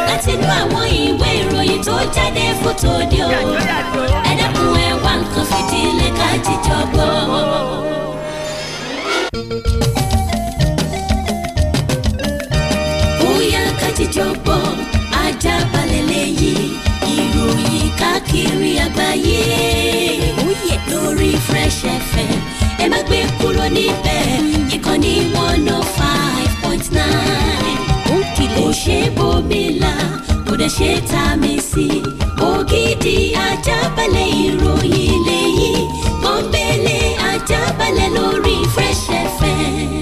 láti inú àwọn ìwé ìròyìn tó jáde fótó di o ẹ dẹ́kun nǹkan fìdílé ká káàkiri àgbáyé. lórí Fresh FM ẹ má gbé kúrò níbẹ̀ ìkànnì one oh five point nine. Ó kìlẹ̀ kò ṣe bómi la kò dẹ̀ ṣe tá a mi sí. Ògidì ajábalẹ̀ ìròyìn lẹ́yìn pọ́npẹ́lẹ́ ajábalẹ̀ lórí Fresh FM.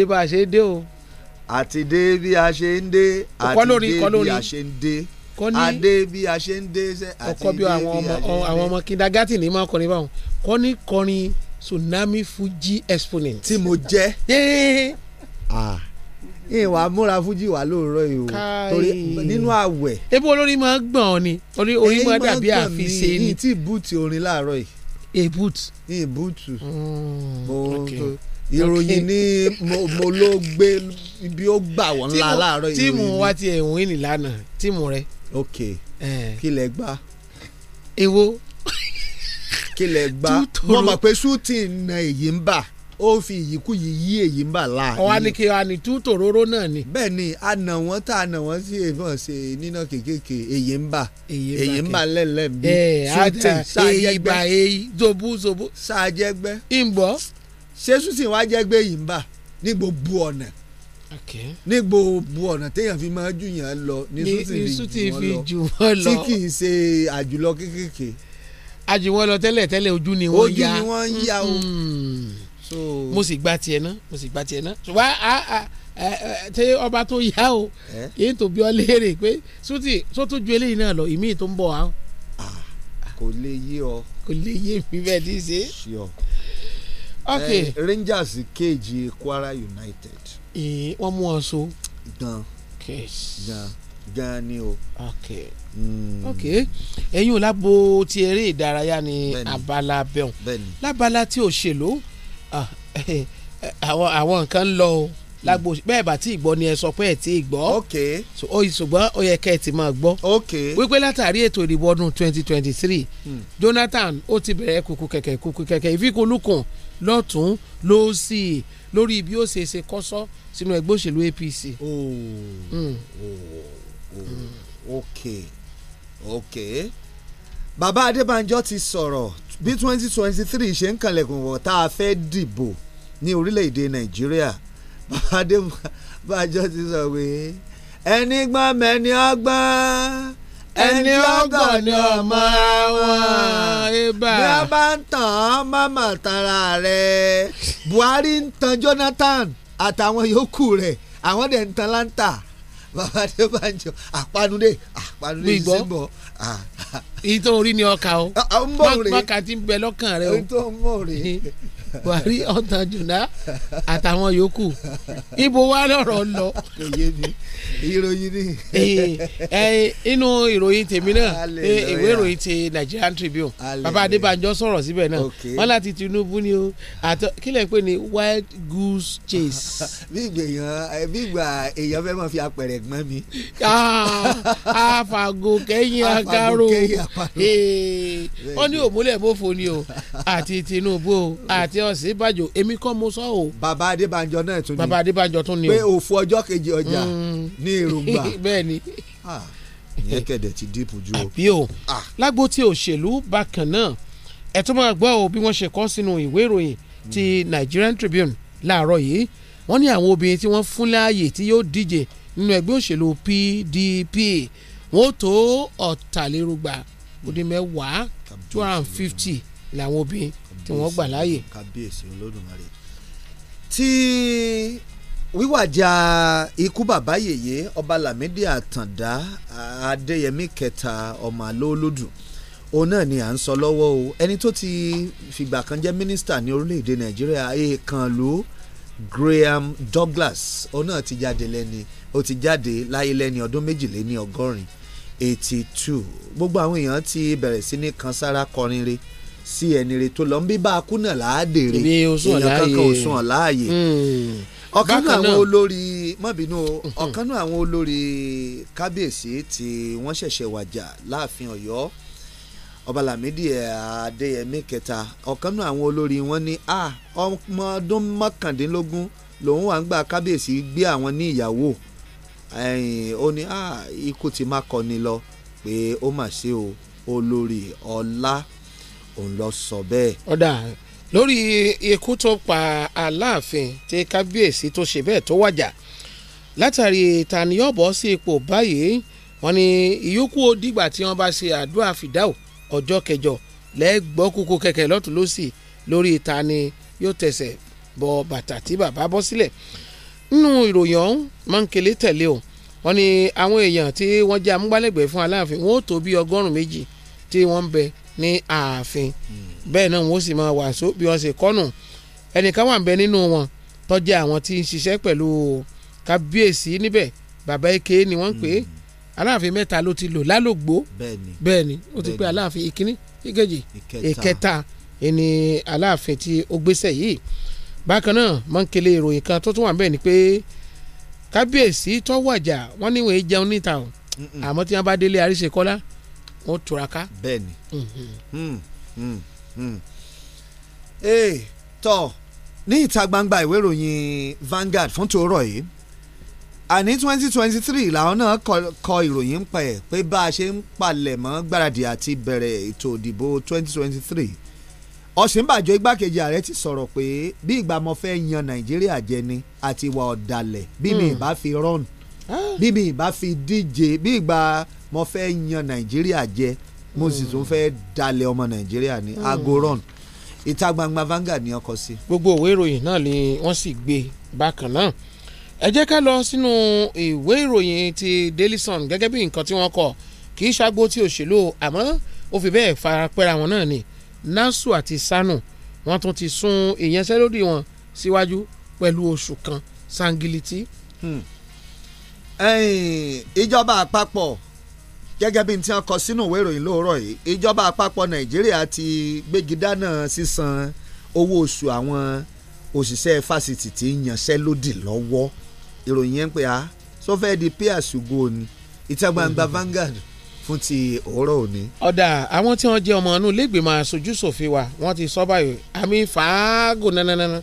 dé bá a ṣe dé o. àti dé bí a ṣe ń dé àti dé bí a ṣe ń dé adé bí a ṣe ń dé sẹ dé bí a ṣe ń dé. ọkọ bí àwọn ọmọ kindergarten ní máa kọrin báwọn kọ́ni kọrin tsunami fuji exponent. tí mo jẹ́. ìwà múra fuji wà lóòrọ̀ yìí o torí nínú àwẹ̀. ebi olórin máa gbọ̀n ọ ni orin máa dàbí àfiṣe ni. èyí tí búùtì orin láàárọ̀ yìí. a boot. a boot ìròyìn ni mo ló gbé ibi ó gbà wọ́n ńlá láàárọ̀ ìròyìn tíìmù wa ti ẹ̀wọ̀n ìlì lánàá tíìmù rẹ. ok kí lẹ gbá. èwo. kí lẹ gbá wọ́n mọ̀ pé shooting na èyí ń bà ó fi ìyíkúyìí yí èyí ń bà láàyè. ọ̀wá ni kí wàá ní tú tòróró náà ni. bẹ́ẹ̀ ni a nà wọ́n tá a nà wọ́n sí èèmọ̀ ṣe nínà kékèké èyí ń bà èyí ń bà lẹ́lẹ́m bí. ṣùtì ṣàjẹgbẹ́ èyí ìgbà èyí zobu zobu. ṣàjẹgbẹ́. ìbọn ṣéṣù sì wá jẹ́ gbé yìí ń bà ní gbogbo ọ̀nà ní gbogbo ọ̀nà téèyàn fi máa jù yàn lọ ní sùtì fi jù wọ́n lọ tí kì í ṣe àjùlọ kéékèèké. àjùwọ́n lọ tẹ́lẹ̀ tẹ́lẹ̀ ojú ni wọ́n ya ojú ni wọ́n ya o. Mm-hmm. mo sì gba tiẹ̀ ná mo sì gba tiẹ̀ ná ṣùgbọ́n ṣé ọba tó yá o yìí tó bí ọ léèrè pé sùtì sótú ju eléyìí náà lọ ìmí tó ń bọ̀ wá. kò lè yé ọ. kò lè yé mi bẹ́ẹ̀ ní í ṣe okay. eh, Rangers kejì Kwara United. ee wọ́n mú wọn so. gan gan gan ni o. okay. Mm. ok ẹ̀yin ò lábo ti eré ìdárayá ni abala bẹ́hùn lábala tí òṣèlú ah, àwọn nǹkan ń lọ o lágbo hmm. bẹ́ẹ̀ bá tí ì ni ẹ sọ pé ẹ tí ì gbọ́ ok ṣùgbọ́n ó yẹ kẹ́ ẹ ti máa gbọ́ ok wípé látàrí ètò ìdìbò ọdún twenty twenty three hmm. Jonathan ó ti bẹ̀rẹ̀ kùkù kẹ̀kẹ́ kùkù kẹ̀kẹ́ ìfikùnlukùn lọ́tún lósì lórí bí ó ṣe ṣe kọ́sọ́ sínú ẹgbẹ́ òṣèlú APC. Oh, hmm. oh, oh, ok ok bàbá Adébánjọ ti sọ̀rọ̀ bí twenty twenty three ṣe ń kanlẹ̀kùn wọ̀ tá a fẹ́ dìbò ní orílẹ̀-èdè Nàìjíríà bàbá Adébánjọ ti sọ pé ẹni gbọ́n mẹ́ni ọgbọ́n ẹni ọgàn ni ọmọ ara wọn bí a bá ń tàn án mama tara rẹ̀ Buhari ń tan Jonathan àtàwọn yòókù rẹ̀ àwọn dẹ̀ ń tan lanta bàbá Adébánjọ àpanudé àpanudé ṣiṣẹ́ bọ̀. ìtò orí ni ọkà o mọ̀ọ́kà ti ń bẹ lọ́kàn rẹ o buhari ọ̀tànjúná àtàwọn yòókù ibo wa lọ́rọ̀ lọ. ìròyìn ni. Eh, eh, inú ìròyìn tèmi náà eh, ìwé ìròyìn ti Nigerian Tribune bàbá Adébánjọ sọ̀rọ̀ síbẹ̀ náà wọ́n láti Tinubu ni o àtọ kí lè pè ní wild goose chase. bí ìgbèyàn bí ìgbà èèyàn fẹ́ máa fi apẹ̀rẹ̀ gbọ́n mi. àfàgò ah, kẹ́yìn àkàrò ó ní òmùlẹ̀ mọ́fọ́ ni o àti Tinubu o àti Ọ̀ṣínbàjò èmi kọ́ mo sọ o. baba Adébánjọ náà tún ni bàbá Adébánjọ tún ni o. pé òfu ọjọ́ kejì ọjà mm. ní èròǹgbà. bẹ́ẹ̀ ni. ìyẹn kẹ̀dẹ̀ ti díìpù ju o. àbí o lágbo tí òṣèlú bákan náà ẹ̀ tó máa gbọ́ o bí wọ́n ṣe kọ sínú ìwé ìròyìn ti mm. Nigerian Tribune láàárọ̀ yìí wọ́n ní àwọn obìnrin tí wọ́n fún láàyè tí yóò díje nínú ẹgbẹ́ òṣèlú PDP wọ́n tó ọ̀tàlérúgba ó dín mẹ́wàá two hundred and fifty làwọn obìnrin tí wọ́n gbà láàyè. kábíyèsí olódùmarè tí wíwàjà ikú bàbá yèyé ọba lámìdí àtàndá adéyẹmí kẹta ọmọ alóolódù òun náà ni à ń sọ lọ́wọ́ o ẹni tó ti fìgbà kan jẹ́ mínísítà ní orílẹ̀-èdè nàìjíríà èèkànlú Graham Douglas òun náà ti jáde lẹ́ni ó ti jáde láyé lẹ́ni ọdún méjìléní ọgọ́rin eighty two gbogbo àwọn èèyàn ti bẹ̀rẹ̀ sí ní kan sára kọrin re sí ẹni rẹ tó lọ ń bí bá a kú náà láàdè rè èèyàn kankan ò sùn ọ̀láàyè hmm. ọ̀kan náà àwọn olórí mọ̀bínú hmm. ọ̀kan náà àwọn olórí kábíyèsí tí wọ́n ṣẹ̀ṣẹ̀ wàjà láàfin ọ̀yọ́ ọba eh, Adéyẹmí kẹta ọ̀kan náà àwọn olórí wọn ní a ọmọ ọdún mọ́kàndínlógún lòun wà ń gba kábíyèsí gbé àwọn ní ìyàwó ó ní a ikú ti má kọni lọ pé ó mà ṣe o olórí ọlá òun lọ sọ bẹ́ẹ̀. ọ̀dà lórí ikú tó pa aláàfin tí kábíyèsí tó ṣe bẹ́ẹ̀ tó wàjà látàrí taniyọ́bọ̀ sí ipò báyìí wọ́n ní ìyókù òdìgbà tí wọ́n bá ṣe àdúrà fìdáù ọjọ́ kẹjọ lẹ́gbọ́ kúkú kẹ̀kẹ́ lọ́tún lọ́sì lórí ìtani yóò tẹ̀sẹ̀ bọ bàtà tí bàbá bọ́ sílẹ̀ nínú ìròyìn ọ̀hún mọ̀nkele tẹ̀lé o wọ́n ní àwọn èèyàn tí wọ́n jẹ́ amúgbálẹ́gbẹ̀ẹ́ fún aláàfin wọn ó tó bí ọgọ́rùn-ún méjì tí wọ́n ń bẹ ní ààfin bẹ́ẹ̀ náà wọ́n sì máa wàásù bí wọ́n ṣe kọ́nù ẹnìkan wà ń bẹ nínú wọn tó jẹ́ àwọn tí ń ṣiṣẹ́ pẹ̀lú kábíyèsí níbẹ̀ bàbá ike ni wọ́n ń pè é hmm. aláàfin mẹ́ta ló ti lò lálògbó bẹ́ẹ̀ ni ó ti pé aláàfin ìkíní ìkejì ìkẹta ẹni aláàfin tí ó gbéṣẹ́ yìí bákan náà mọ́ńkele ìròyìn kan tó tún wà ń bẹ ni pé kábíyèsí tó wàjà wọ́n níwèé jẹun níta o àmọ́ tí wọ́n bá délé àríṣekọ́lá wọ́n túraká. bẹ́ẹ̀ni mm-hmm. hmm, hmm, hmm. ee tọ ní ìta gbangba ìwé ìròyìn Vanguard fún tòórọ̀ yìí àní twenty twenty three làwọn náà kọ ìròyìn ń pa ẹ̀ pé bá a ṣe ń palẹ̀ mọ́ gbáradì àti bẹ̀rẹ̀ ètò ìdìbò twenty twenty three Ọ̀ṣínbàjò igbákejì ààrẹ ti sọ̀rọ̀ pé bí ìgbà mo fẹ́ yan Nàìjíríà jẹ ni àti ìwà ọ̀dàlẹ̀ bí mi ìbá fi rọ́ọ̀nù ah. bí mi ìbá fi díje bí ìgbà mo fẹ́ yan nàìjíríà jẹ mo sì tún fẹ́ dalẹ̀ ọmọ nàìjíríà ní hmm. agoron ìta gbangba Vanguard ni ọkọ sí. gbogbo ìwé ìròyìn náà ni wọ́n sì gbé bákan náà ẹ jẹ́ ká lọ sínú ìwé ìròyìn ti Daily Sun gẹ́gẹ́ bí nǹkan tí wọ́n kọ kì í ṣàgbo ti òṣèlú àmọ́ ó fi bẹ́ẹ̀ fara pẹ́ra wọn náà ni nasu àti sanu wọ́n tún ti sún ìyanṣẹ́lódì wọn síwájú pẹ̀lú oṣù kan sangiliti. Hmm. ìjọba àpapọ̀ gẹ́gẹ́ bí n ti kọ sínú ìwé ìròyìn lóòrọ̀ yìí ìjọba àpapọ̀ nàìjíríà ti gbégi dáná sísan owó oṣù àwọn òṣìṣẹ́ fásitì tí ń yanṣẹ́ lódì lọ́wọ́ ìròyìn yẹn ń pè á sọfẹ́ di pay as you go ni ìta gbangba mm-hmm. Vanguard fún ti òórọ̀ òní. ọ̀dà àwọn tí wọ́n jẹ́ ọmọ inú lẹ́gbẹ̀mọ aṣojú ṣòfin wa wọ́n ti sọ báyìí àmì fàágò nananana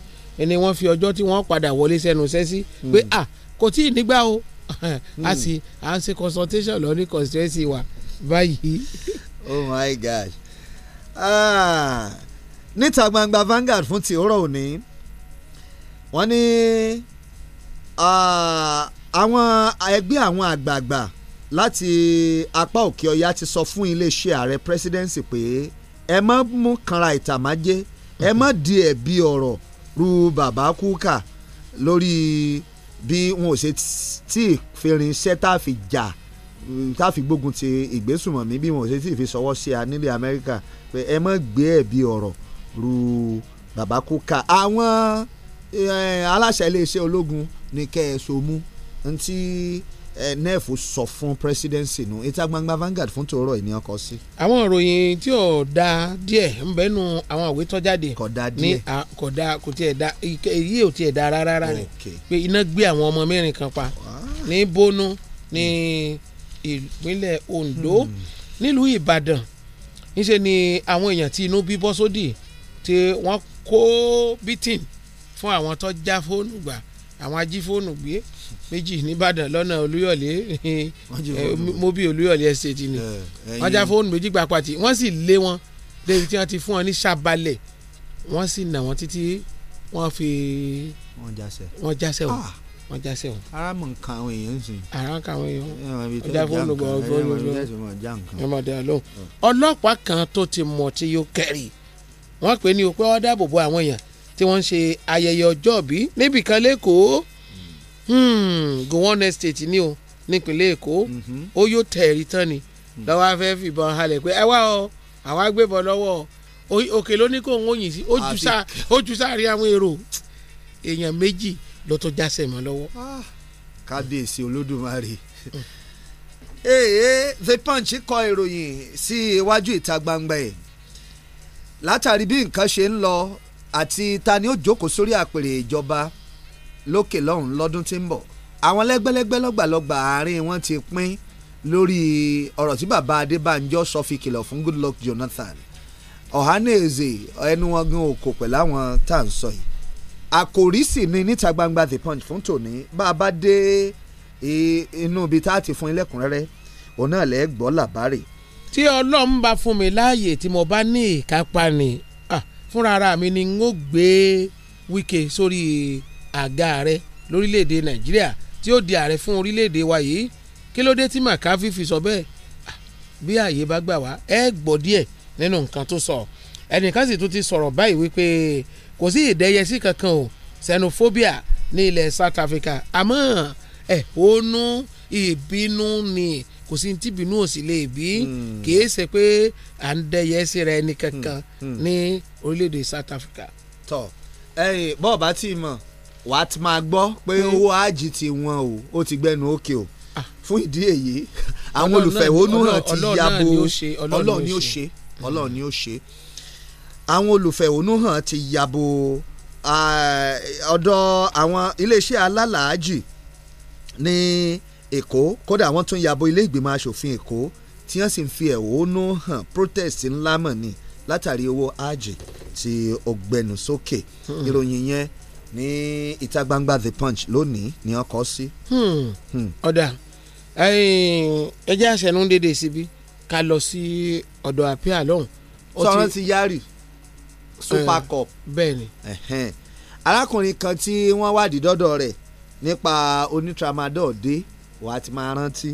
ni wọ́n fi ọjọ́ tí wọ́n padà wọlé sẹ́nu sẹ́sí pé mm. à kò tí ì nígbà o a sì à ń consultation lọ ní constituency wa báyìí. oh my God! ah, níta gbangba Vanguard fún ti òórọ̀ òní wọ́n ní ah, àwọn ẹgbẹ́ àwọn àgbààgbà láti apá òkè ọya ti sọ fún iléeṣẹ́ ààrẹ presidency pé ẹ má mú kanra ìtàmájẹ́ ẹ má di ẹ̀bi ọ̀rọ̀ ru bàbá kúkà lórí bí wọn ò ṣe tí ìfẹ́rin iṣẹ́ tá a fi jà tá a fi gbógun ti ìgbésùmọ̀mí bí wọn ò ṣe tí ìfi sọwọ́ ṣe à nílẹ̀ Amẹ́ríkà pé ẹ má gbé ẹ̀bi ọ̀rọ̀ ru bàbá kúkà àwọn aláṣẹ iléeṣẹ́ ológun ní kẹ́ ẹ so mú ntí. Eh, nef sọ fún presidency nu ìta gbangba Vanguard fún tòrọ ẹ̀ ní ọkọ sí. àwọn ìròyìn tí ò da díẹ̀ ń bẹ nu àwọn àwé tó jáde ní kódà kò tiẹ̀ da èyí ò tiẹ̀ da rárá ni pé iná gbé àwọn ọmọ mẹ́rin kan pa ní bónú ní ìpínlẹ̀ Ondo hmm. nílùú Ìbàdàn níṣe ni àwọn èèyàn tí inú bíbọ́ sódì tí wọ́n kó bítìn fún àwọn tó já fóònù gbà àwọn ajífóònù gbé méjì nìbàdàn lọ́nà olúyọ̀lé eh, mobi olúyọ̀lé estate ni eh, wọ́n já fóònù méjì gba pàtì wọ́n sì lé wọn débi tí wọ́n ti fún wọn ní ṣàbalẹ̀ wọ́n sì nà wọ́n títí wọ́n fi wọ́n jásẹ̀ wọn ah! wọ́n jásẹ̀ wọn. ara mọ̀ nǹkan àwọn èèyàn ń sìn. ara ń kan àwọn èèyàn wọ́n já fóònù gbọ́ ọgbọ́n eh. ọlọ́pàá kan tó ti mọ̀ tí yóò kẹ́rì wọ́n pè ní o pé wọ́n dáàbò bo àwọn èèyàn tí wọ́n ń ṣe ayẹyẹ ọjọ́bí níbì kan lẹ́kọ̀ọ́ hmm, Gowon Estate ni o nípínlẹ̀ Èkó mhm. ó yóò tẹ̀ ẹ̀rí tán ni hmm. lọ́wọ́ afẹ́ fìbọn halẹ̀ pé ẹ wá o àwa gbébọn lọ́wọ́ òkè lóní kò ń wòyìn sí ojú sáré àwọn èrò èèyàn méjì ló tó jásẹ̀ mọ́ lọ́wọ́. Ah, kábíyèsí olódùmarè hmm. ee The Punch kọ ìròyìn sí iwájú ìta gbangba ẹ̀ látàrí bí nǹkan ṣe ń lọ àti ta ni ó jókòó sórí àpèrè ìjọba lókè lọ́hùn lọ́dún tí ń bọ̀ àwọn lẹ́gbẹ́lẹ́gbẹ́ lọ́gbàlọ́gbà àárín wọn ti pín lórí ọ̀rọ̀ tí bàbá Adébánjọ sọ fi kìlọ̀ fún Goodluck Jonathan Ohanaeze ẹnu wọn gan òkò pẹ̀lú àwọn tá à ń sọ yìí àkòrí sì ni níta gbangba The Punch fún tòní bá a bá dé e, inú ibi tá a ti fún ilẹ̀kùnrẹ́rẹ́ òun náà lẹ́ẹ̀ gbọ́ làbárè. tí Ọlọ́run bá fún mi láàyè tí mo bá ní ìkápá ni fúnra ara mi ni n ó gbé Wike sórí àga ààrẹ lórílẹ̀‐èdè Nàìjíríà tí ó di ààrẹ fún orílẹ̀‐èdè wa yìí kí ló dé tí mcafee fi sọ bẹ́ẹ̀ ah, bí ààyè bá gbà wá ẹ gbọ́ díẹ̀ nínú nǹkan tó sọ ẹnìkan sì tún ti sọ̀rọ̀ báyìí wípé kò sí ìdẹ́yẹsí kankan o xenophobia ní ilẹ̀ South Africa àmọ́ ẹ̀ ònú ìbínú ni kò sí ní tìbínú òsì lè bí hmm. kìí ṣe pé à ń dẹyẹ síra ẹni kankan hmm. Hmm. ní orílẹ̀-èdè South Africa. tọ ẹyin bọ́ọ̀ bá ti mọ̀ wàá ti máa gbọ́ pé owó àjì ti wọn o ó ti gbẹnu òkè o ah. fún ìdí èyí àwọn olùfẹ̀hónúhàn ti yabo ọlọ́run ni ó ṣe ọlọ́run ni ó ṣe àwọn olùfẹ̀hónúhàn ti yabo ọ̀dọ̀ àwọn iléeṣẹ́ alálàájì ní. Ni èkó kódà wọ́n tún yabo ilé ìgbìmọ̀ asòfin èkó tí wọ́n sì ń fi ẹ̀hónú hàn protest ńlá mọ̀ ni látàrí owó àjè tí ó gbẹnu sókè hmm. ìròyìn yẹn ní ìta gbangba the punch lónìí ni wọ́n kọ sí. Hmm. Hmm. ọ̀dà ẹ jẹ́ àṣẹnú dédé síbí ká lọ sí ọ̀dọ̀ àpíà lọ́hùn. sọ̀rọ̀ ti yárì eh, super cup. bẹ́ẹ̀ni. arákùnrin kan tí wọ́n wádìí dọ́dọ̀ rẹ̀ nípa onítramadol dé wàá ti máa rántí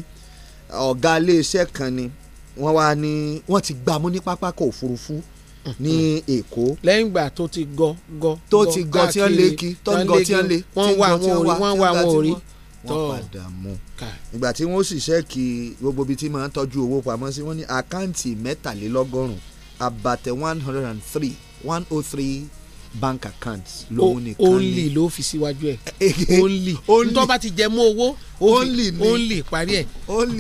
ọ̀gá iléeṣẹ́ kan ni wọ́n wá ní wọ́n ti gbàmú ní pápákọ̀ òfurufú ní èkó. lẹ́yìn ìgbà tó ti gọ gọ tó ti gọ tí wọ́n lé kí tó ń gọ tí wọ́n lé wọ́n wá wọn orí wọ́n wá wọn orí wọ́n padà mú ìgbà tí wọ́n sì ṣẹ́ẹ̀kì gbogbo ibi tí máa ń tọ́jú owó pamọ́ sí wọ́n ní àkáǹtì mẹ́tàlélọ́gọ́rùn-ún abatẹ one hundred and three one oh three bank account lòun nìkan ni only ló fi síwájú ẹ only Only. bá ti jẹ mọ́ owó only ni only parí ẹ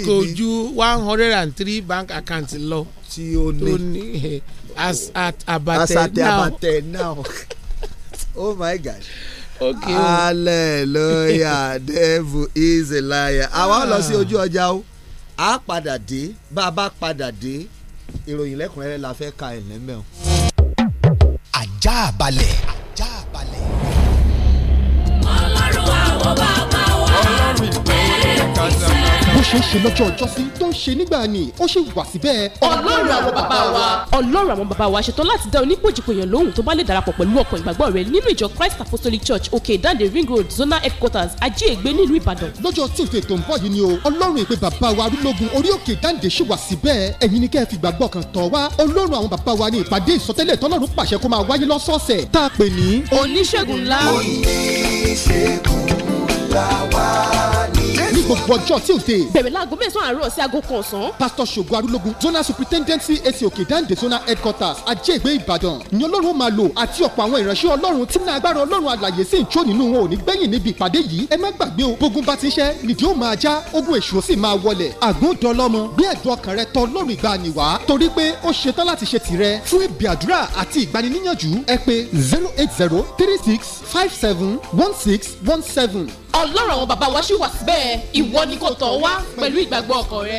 kò ju one hundred and three bank account lọ tí ó ní eh, as at abatẹ now as at abatẹ now oh my gosh okay. hallelujah devil is a liar àwa lọ sí ah. ojú ọjà o a padà dé bá a bá padà dé ìròyìn lẹ́kùnrẹ́rẹ́ la fẹ́ ka ẹ̀ lẹ́mẹ̀ o ajá balẹ̀. ajá balẹ̀. ọlọ́run àwọn bàbá wa ọlọ́run ìgbẹ́ ṣe ń ṣe lọ́jọ́ ìjọsìn tó ń ṣe nígbà ni ó sì wà síbẹ̀. ọlọ́run àwọn bàbá wa. ọlọ́run àwọn bàbá wa ṣetán láti dá onípojìpòyàn lóhùn tó bá lè darapọ̀ pẹ̀lú ọkọ̀ ìgbàgbọ́ rẹ nínú ìjọ Christ Apostolic Church òkè ìdáǹdè ring road zona headquarters ajíègbé nílùú Ìbàdàn. lọ́jọ́ tuesday tó ń bọ̀ yìí ni o ọlọ́run ìpè bàbá wa arúgbógun orí òkè ìdáǹdè ṣì wà síbẹ̀ ẹ̀yin ni kẹ́ ẹ fi gbàgbọ́ kan tọ̀ wá ọlọ́run àwọn bàbá wa ní ìpàdé ìsọtẹ́lẹ̀ tọ́lọ́run pàṣẹ kó máa wáyé lọ́sọ̀ọ̀sẹ̀ tá a pè ní là wà nílé. ní gbogbo ọjọ́ Tuesday. bẹ̀rẹ̀ láago mẹ́sàn-án àárọ̀ sí aago kan ọ̀sán. pastor ṣògo arúlógún zonal superintendency ac òkè dande zonal headquarters ajégbé ìbàdàn ni ọlọ́run máa lò àti ọ̀pọ̀ àwọn ìránṣẹ́ ọlọ́run tí náà agbára ọlọ́run àlàyé sì ń jó nínú wọn ò ní gbẹ̀yìn níbi ìpàdé yìí ẹ má gbàgbé o bógun bá ti ṣẹ́ nìdí ó máa já ogun èṣù ó sì máa wọlẹ̀ àgùndọ̀lọ́mọ bí ẹ̀dùn zero eight zero three six five seven one six one seven ọlọ́run àwọn bàbá wa ṣì wà síbẹ̀ ìwọ ni kò tọ̀ wá pẹ̀lú ìgbàgbọ́ ọkàn rẹ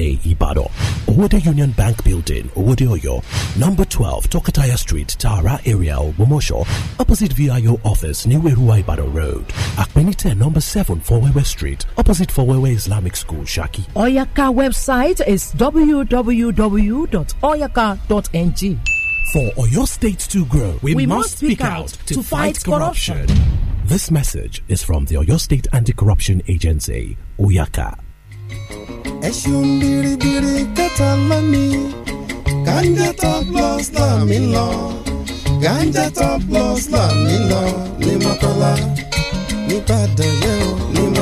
A, Ibadan. Owode Union Bank Building, Owode Oyo, number 12, Tokataya Street, Tara area, Omomosho, opposite VIO office, New Erua Ibadan Road. Akpenite, number 7, Fowewe Street, opposite Fowewe Islamic School, Shaki. Oyaka website is www.oyaka.ng. For Oyo State to grow, we, we must speak out to, to fight, fight corruption. corruption. This message is from the Oyo State Anti Corruption Agency, Oyaka. ẹ ṣeun biribiri kẹta lọ́mí ganja top loss là mí lọ ganja top loss là mí lọ ni mọ́kànlá ní Ìbàdàn yẹn ni ní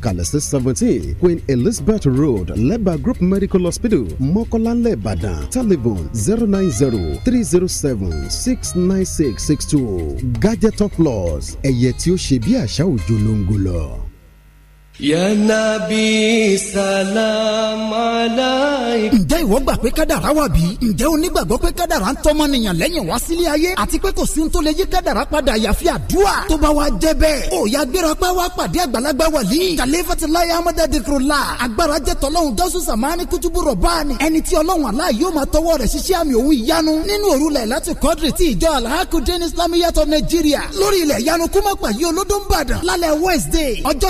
ìkàlẹ̀ sí seventeen Queen Elizabeth Road Leba Group Medical Hospital Mọ́kọ́lánlẹ̀ Ìbàdàn telephone zero nine zero three zero seven six nine six six two Gadget Plus ẹ̀yẹ tí ó ṣe bí àṣà òjò ló ń gò lọ. Ya Nabi salam alayk. ǹjẹ́ ìwọ gbà pé kádàrá wà bí? ǹjẹ́ o nígbàgbọ́ pé kádàrá ń tọ́mọnìyàn lẹ́yìn wá sílé ayé? àti pé kò sí ní tó lè yí kádàrá padà àyàfi àdúrà. tó bá wa jẹ́ bẹ́ẹ̀. ó yá gbéra pé wá pàdé àgbàlagbà wàlí. kàlífàtì láyé amadu adigunla. agbára jẹ́ tọ́lọ́hún dọ́sù sàmání kutubu rọ̀báni. ẹni tí ọlọ́hun alá yóò máa tọwọ́ rẹ̀ ṣiṣẹ́ àmì òun ìyanu. nínú òru lẹ̀ láti kọ́dìrì Nigeria. lórí ilẹ̀ ìyanu kúmọ̀pá yìí olódó ń bàdàn. lálẹ́ Wednesday ọjọ́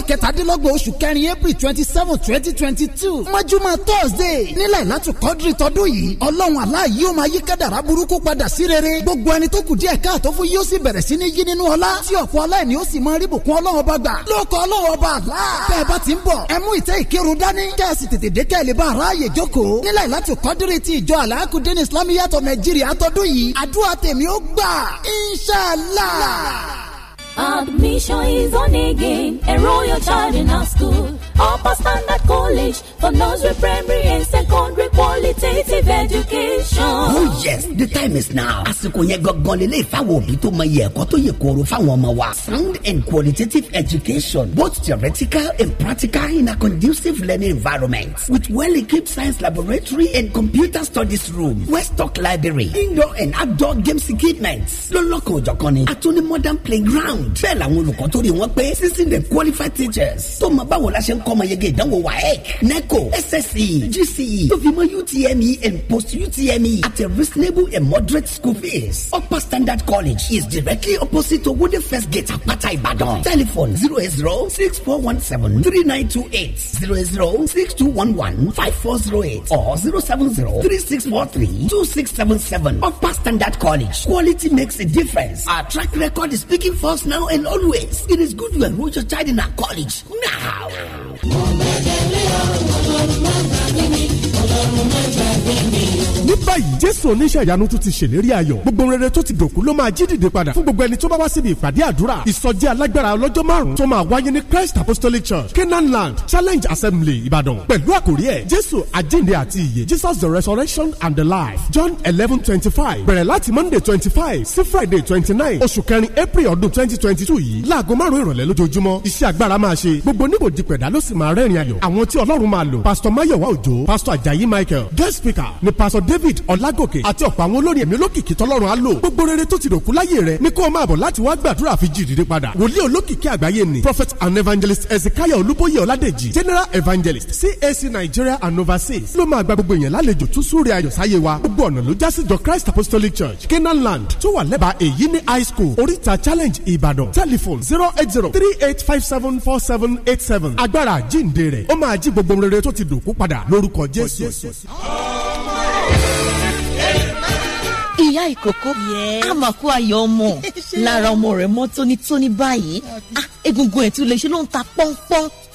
oṣù kẹrin april twenty seven twenty twenty two mọ́júmọ́ thursday nílẹ̀ látún kọ́dírì tọdún yìí ọlọ́run aláàyè ó máa yí kádàrá burúkú padà sí rere gbogbo ẹni tó kù díẹ̀ káàtó fún yóò sì bẹ̀rẹ̀ sí ní yí nínú ọlá tí ọ̀pọ̀ aláìní ó sì máa rí bùkún ọlọ́run ọba gbà lóko ọlọ́run ọba àlá bẹ́ẹ̀ bá ti ń bọ̀ ẹ mú ìtẹ́ ìkírun dání kẹ́ẹ̀sì tètè dé kẹ́ẹ̀lì bá aráàyè jókòó nílẹ̀ látún kọ́dírì ti ìjọ àlàákùdín islamiyàtọ̀ nàìjíríà tọdún yìí àdúrà tèmi ó gbà inshallah. Admission is on again. Enroll your child in our school. Upper Standard College for nursery, primary, and secondary qualitative education. Oh yes, the time is now. Àsìkò yẹn gangan lélẹ̀ ìfáwọ̀ òbí tó mọ iye ẹ̀kọ́ tó yẹ kóró fáwọn ọmọ wa. Sound and qualitative education, both theoretical and practical in a conducive learning environment with well-equipped science laboratory and computer studies room, Westock library, indoor and outdoor games equipment. Lọ́lọ́kan òjọ̀kan ni, a tún ní modern playground. Bẹ́ẹ̀ làwọn olùkọ́ tó rí wọn pé, seasoned and qualified teachers tó mọ báwo la ṣe ń kọ́mọ yege ìdánwò waec neco ssce gce tó fi mọ́ utme and post utme at a reasonable and moderate school fees upper standard college is directly opposite to wode first gate apata ibadan telephone zero eight zero six four one seven three nine two eight zero eight zero six two one one five four zero eight or zero seven zero three six four three two six seven seven upper standard college quality makes a difference our track record is speaking for us now and always it is good to enroll your child in our college now mo gbẹ̀jẹ̀ lé ọ̀rùn mo lọ́rùn má gbàgbé mi ọlọ́run má gbàgbé mi. ní báyìí jésù oníṣẹ́ ìyanu tún ti ṣèlérí ayọ̀ gbogbo rere tó ti dòkú ló máa jí dìde padà fún gbogbo ẹni tó bá wá síbi ìpàdé àdúrà ìsọjí alágbára ọlọ́jọ́ márùn tó máa wáyé ní christ apostolic church canaan challenge assembly ìbàdàn pẹ̀lú àkórí ẹ̀ jésù àjíǹde àti ìyè jesus the resurrection and the life john eleven twenty five bẹ̀rẹ̀ láti monday twenty five sí friday twenty nine oṣù kẹrin april ọdún twenty twenty two yìí láago márùn-ún ìrọ̀lẹ́ lójoojúmọ́ iṣẹ́ agbára máa ṣe gbogbo níbo dipẹ̀dá ló sì máa rẹ́rìn ayọ̀ àwọn tí ọlọ́run máa lò pastor mayowa òjò Ṣèyí Michael guest speaker ni pastor David Ọlágòkè àti ọ̀pọ̀ àwọn olórin ẹ̀mí olókìkí tọ́lọ́run á lò gbogbo rere tó ti dòkú láyé rẹ̀ ni kó o máa bọ̀ láti wá gbàdúrà fi jí dìde padà wòlíì olókìkí àgbáyé ni prophet and evangelist Ezekiah Olúbóyè Ọládèjì general evangelist CAC Nigeria and overseas ló máa gba gbogbo èèyàn lálejò tún súre ayọ̀ sáyé wa gbogbo ọ̀nà ló já sí the Christ Apostolic Church Canaan Land tó wà lẹ́bàá èyí ní high school oríta challenge Ìbàdàn telephone zero eight zero three eight five seven four seven eight seven agbára jíǹde rẹ̀ ó máa jí gbogbo rere tó ti dòkú padà lórúkọ Jésù ìyá ìkókó amaku ayọ̀ ọmọ lára ọmọ rẹ̀ mọ́ tónítóní báyìí ah, egungun ẹ̀ tún lè ṣe ló ń ta pọ́npọ́n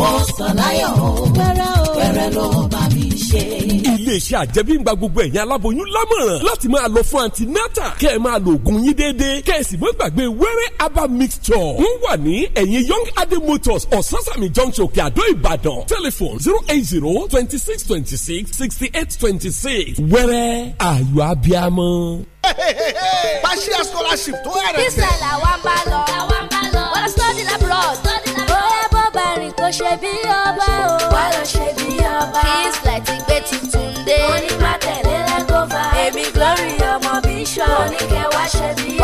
Bọ́sàláyọ̀ ó pẹ́rẹ́ ó pẹ́rẹ́ ló bá mi ṣe. Iléeṣẹ́ àjẹmíngba gbogbo ẹ̀yin aláboyún lámọ̀ràn láti máa lọ fún antinata kẹ́ ẹ máa lo oògùn yín déédéé kẹ́ ẹ sì mọ́ gbàgbé wẹ́rẹ́ herbal mixture. Wọ́n wà ní ẹ̀yìn Young Adé Motors Ososami Junction Òkè Àdó Ìbàdàn. Telephone zero eight zero twenty six twenty six sixty eight twenty six. Wẹ́rẹ́ ayọ̀ abiamọ. Báṣíà scholarship tó yàrá tẹ̀. Bísí àlàwà ń bá lọ. ṣe bí ọba o. wá lọ ṣe bí ọba. kiss flight gbé tuntun dé. mo ní má tẹ̀lé lẹ́gọ́fà. èmi glory ọmọ bíṣọ̀. mo ní kẹ́ wá ṣe bí ọba.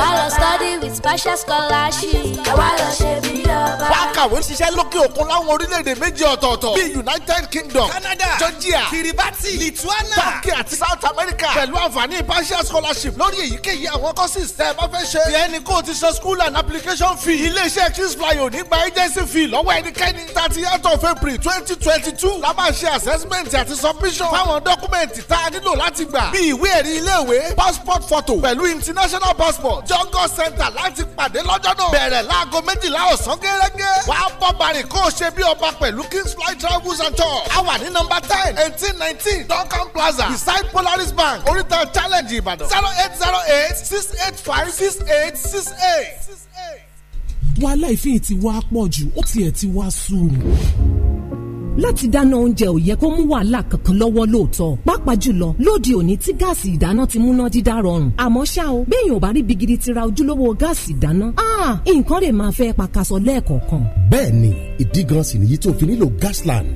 Kọ́ṣẹ́ scholarship. Ẹ wá lọ ṣe bí lọ́ba. Wá kàwé ṣiṣẹ́ lókè òkun láwọn orílẹ̀-èdè méjì ọ̀tọ̀ọ̀tọ̀ bíi United Kingdom, Canada, Georgia, Kiribati, Lithuania, Turkey àti South America. Pẹ̀lú àǹfààní partial scholarship lórí èyíkéyìí àwọn courses tẹ́ ẹ bá fẹ́ ṣe. Ti ẹni kó o ti san school and application fee. Ilé-iṣẹ́ Kisfly ò ní gba agency fee lọ́wọ́ ẹnikẹ́ni. Thirty eight of April twenty twenty two la máa ṣe assessment àti submission. Fáwọn dọ́kúmẹ̀ntì tá a nílò láti gbà. Bí ìwé ẹ̀rí ilé ìwé, passport photo pẹ̀lú international passport, jungle center láti láti pàdé lọ́jọ́ náà bẹ̀rẹ̀ láago méjìlá ọ̀sán gẹ́gẹ́ wàá bọ́ bari kó o ṣe bí ọba pẹ̀lú Kingsfly travels and tours a wà ní nọmba ten eighteen nineteen Duncan Plaza beside Polaris Bank oríta challenge Ìbàdàn zero eight zero eight six eight five six eight six eight. wàhálà ìfihìn ti wá pọ̀ jù ó tiẹ̀ ti wá sùúrù láti dáná oúnjẹ ò yẹ kó mú wàhálà kankan lọ́wọ́ lóòótọ́ pàápàá jùlọ lóde òní tí gáàsì ìdáná ti múná dídá rọrùn àmọ́ ṣá o béèyàn ò bá rí bigidi ti ra ojúlówó gáàsì ìdáná ah, nǹkan lè máa fẹ́ pakasọ lẹ́ẹ̀kọ̀ọ̀kan. bẹ́ẹ̀ni ìdí gan sì nìyí tó fi nílò Gasland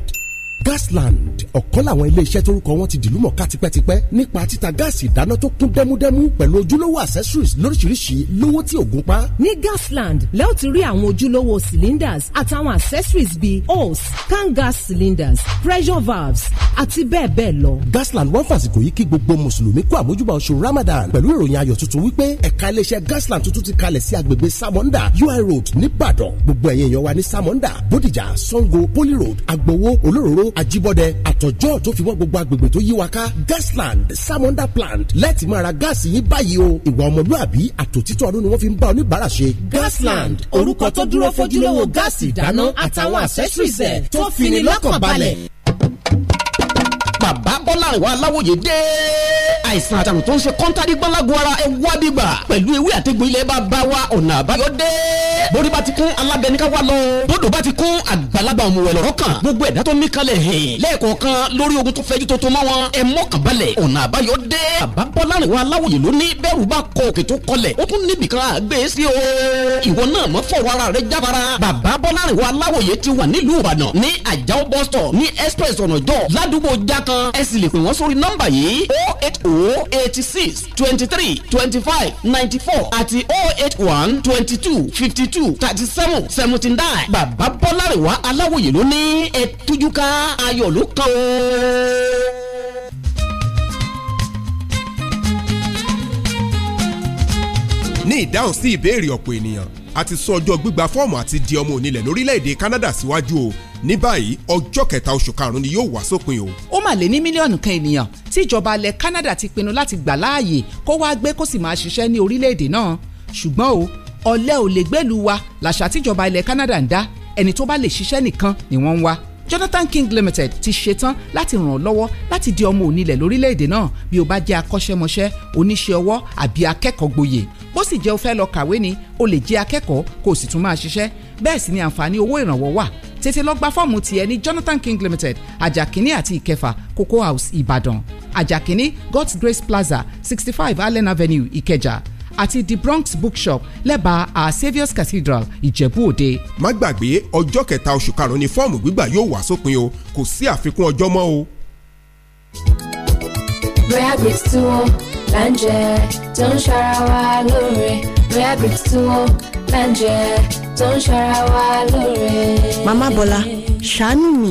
Gasland ọ̀kan làwọn iléeṣẹ́ tórúkọ wọn ti dìlú mọ̀ká tipẹ́tipẹ́ nípa títa gáàsì ìdáná tó kún dẹ́múdẹ́mú pẹ̀lú ojúlówó accessories lóríṣiríṣi lówó tí ògùn pa. ní Gasland lẹ́ ó ti rí àwọn ojúlówó cylinders àtàwọn accessories bíi hose can gas cylinders pressure valves àti bẹ́ẹ̀ bẹ́ẹ̀ lọ. Gasland wọ́n fàsìkò yìí kí gbogbo mùsùlùmí kó àmójúbà oṣù Ramadan pẹ̀lú ìròyìn ayọ̀ tuntun wípé ẹ̀ka iléeṣẹ́ Gasland tuntun ti kalẹ̀ sí agbègbè Samonda UI Road nìbàdàn gbogbo ẹ̀yìn èèyàn Samonda Bódìjà Sango Poly Road Agbowo Olóròró ìkòròdú àjíbọ̀dẹ àtọ̀jọ́ tó fi wọ́n gbogbo agbègbè tó yí wa ká gasland samonda plant lẹ́ẹ̀tì máa ra gáàsì yín báyìí o ìwà ọmọlúàbí àtòtítọ́ ọdún ni wọ́n fi ń bá oníbàárà ṣe. gasland orúkọ tó dúró fojúlówó gáàsì ìdáná àtàwọn accessories ẹ̀ tó fini lọ́kàn balẹ̀ bàbá bọ́lárìnwá aláwòye dé àìsàn àtàrùn tó ń ṣe kọ́ńtàdì gbọ́lágun ara ẹ wá bíbà pẹ̀lú ewé àtẹ̀gbò ilẹ̀ bá bá wa ọ̀nà àbáyọ dé bórí bá ti kún alábẹ́ni ká wá lọ bódò bá ti kún àgbàlagbà ọ̀mùwẹ̀ lọ́rọ́ kan gbogbo ẹ̀dá tó mí kalẹ̀ hìn lẹ́ẹ̀kọ̀ọ̀kan lórí ogun tó fẹ́jú tó tó mọ́ wọn ẹ mọ́kàn balẹ̀ ọ̀nà àbáyọ dé bàbá bọ́lárìnwá aláwòye lónìí bẹ́rù bá kọ òkè tó kọlẹ̀ ó tún níbì kan àgbé sí o ìwọ náà mọ fọwọ́ ara rẹ jábára bàbá bọ́lárìnwá aláwòye ti wà nílùú ìbàdàn ní àjàó bọ́sítọ̀ ní express ọ̀nà jọ ládùúgbò jákan wọn ẹ sì lè pè wọ́n sórí nọ́mbà yìí o oh eight o oh eighty six twenty three twenty five ninety four àti o oh eight one twenty two fifty two thirty seven seventy nine bàbá bọ́lárẹ̀wá aláwòye ló ní ẹ tújú ká ayọ̀ ló kàn ó. ní ìdáhùn sí ìbéèrè ọ̀pọ̀ ènìyàn a ti sún ọjọ́ gbígba fọ́ọ̀mù àti di ọmọ onílẹ̀ lórílẹ̀‐èdè Canada síwájú o ní báyìí ọjọ́ kẹta oṣù karùn-ún ni yóò wá sópin o. ó mà lé ní mílíọ̀nù kan ènìyàn tí ìjọba ilẹ̀ Canada ti pinnu láti gbà láàyè kó wáá gbé kó sì máa ṣiṣẹ́ ní orílẹ̀-èdè náà ṣùgbọ́n o ọ̀lẹ́ ò lè gbẹ́lu wa làṣà tíjọba ilẹ̀ Canada ń dá ẹni tó bá lè ṣiṣẹ́ nìkan ni wọ́n ń wá Jonathan King Limited ti ṣetán láti ràn ọ́ lọ́wọ́ láti di ọmọ onílẹ̀ lórílẹ̀‐èdè náà bí o bá jẹ́ akọ́ṣẹ́mọṣẹ́ oníṣẹ́ ọwọ́ àbí akẹ́kọ̀ọ́ gboyè bó sì jẹ́ o fẹ́ lọ kàwé ni o lè jẹ́ akẹ́kọ̀ọ́ kó o sì tún máa ṣiṣẹ́ bẹ́ẹ̀ sì ni àǹfààní owó ìrànwọ́ wà tètè lọ gba fọ́ọ̀mù tiẹ̀ ní Jonathan King Limited ajakini àti ìkẹfà Cocoa House Ìbàdàn ajakini God's Grace Plaza sixty five Allen Avenue Ìkẹjà àti the Bronx bookshop lẹ́bàá our saviour's cathedral ìjẹ̀bú òde. má gbàgbé ọjọ́ kẹta oṣù karùn-ún ni fọ́ọ̀mù gbígbà yóò wá sópin o kò sí àfikún ọjọ́ mọ́ o. bóyá grits tí wọ́n là ń jẹ tó ń ṣara wa lóore bóyá grits tí wọ́n là ń jẹ tó ń ṣara wa lóore. màmá bọ́lá ṣàánú mi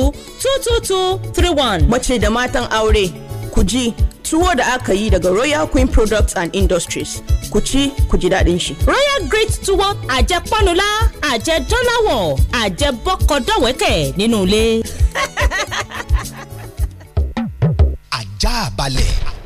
232 Mace da matan aure, ku ji tuwo da aka yi daga Royal Queen Products and Industries. Ku ci, ku ji daɗin shi. Royal Great Tuwo àjẹ panula, àjẹ dọ́làwọ̀, àjẹ bọ́kọ̀dọ̀wẹ́kẹ̀ nínú ilé. Ajá balẹ̀.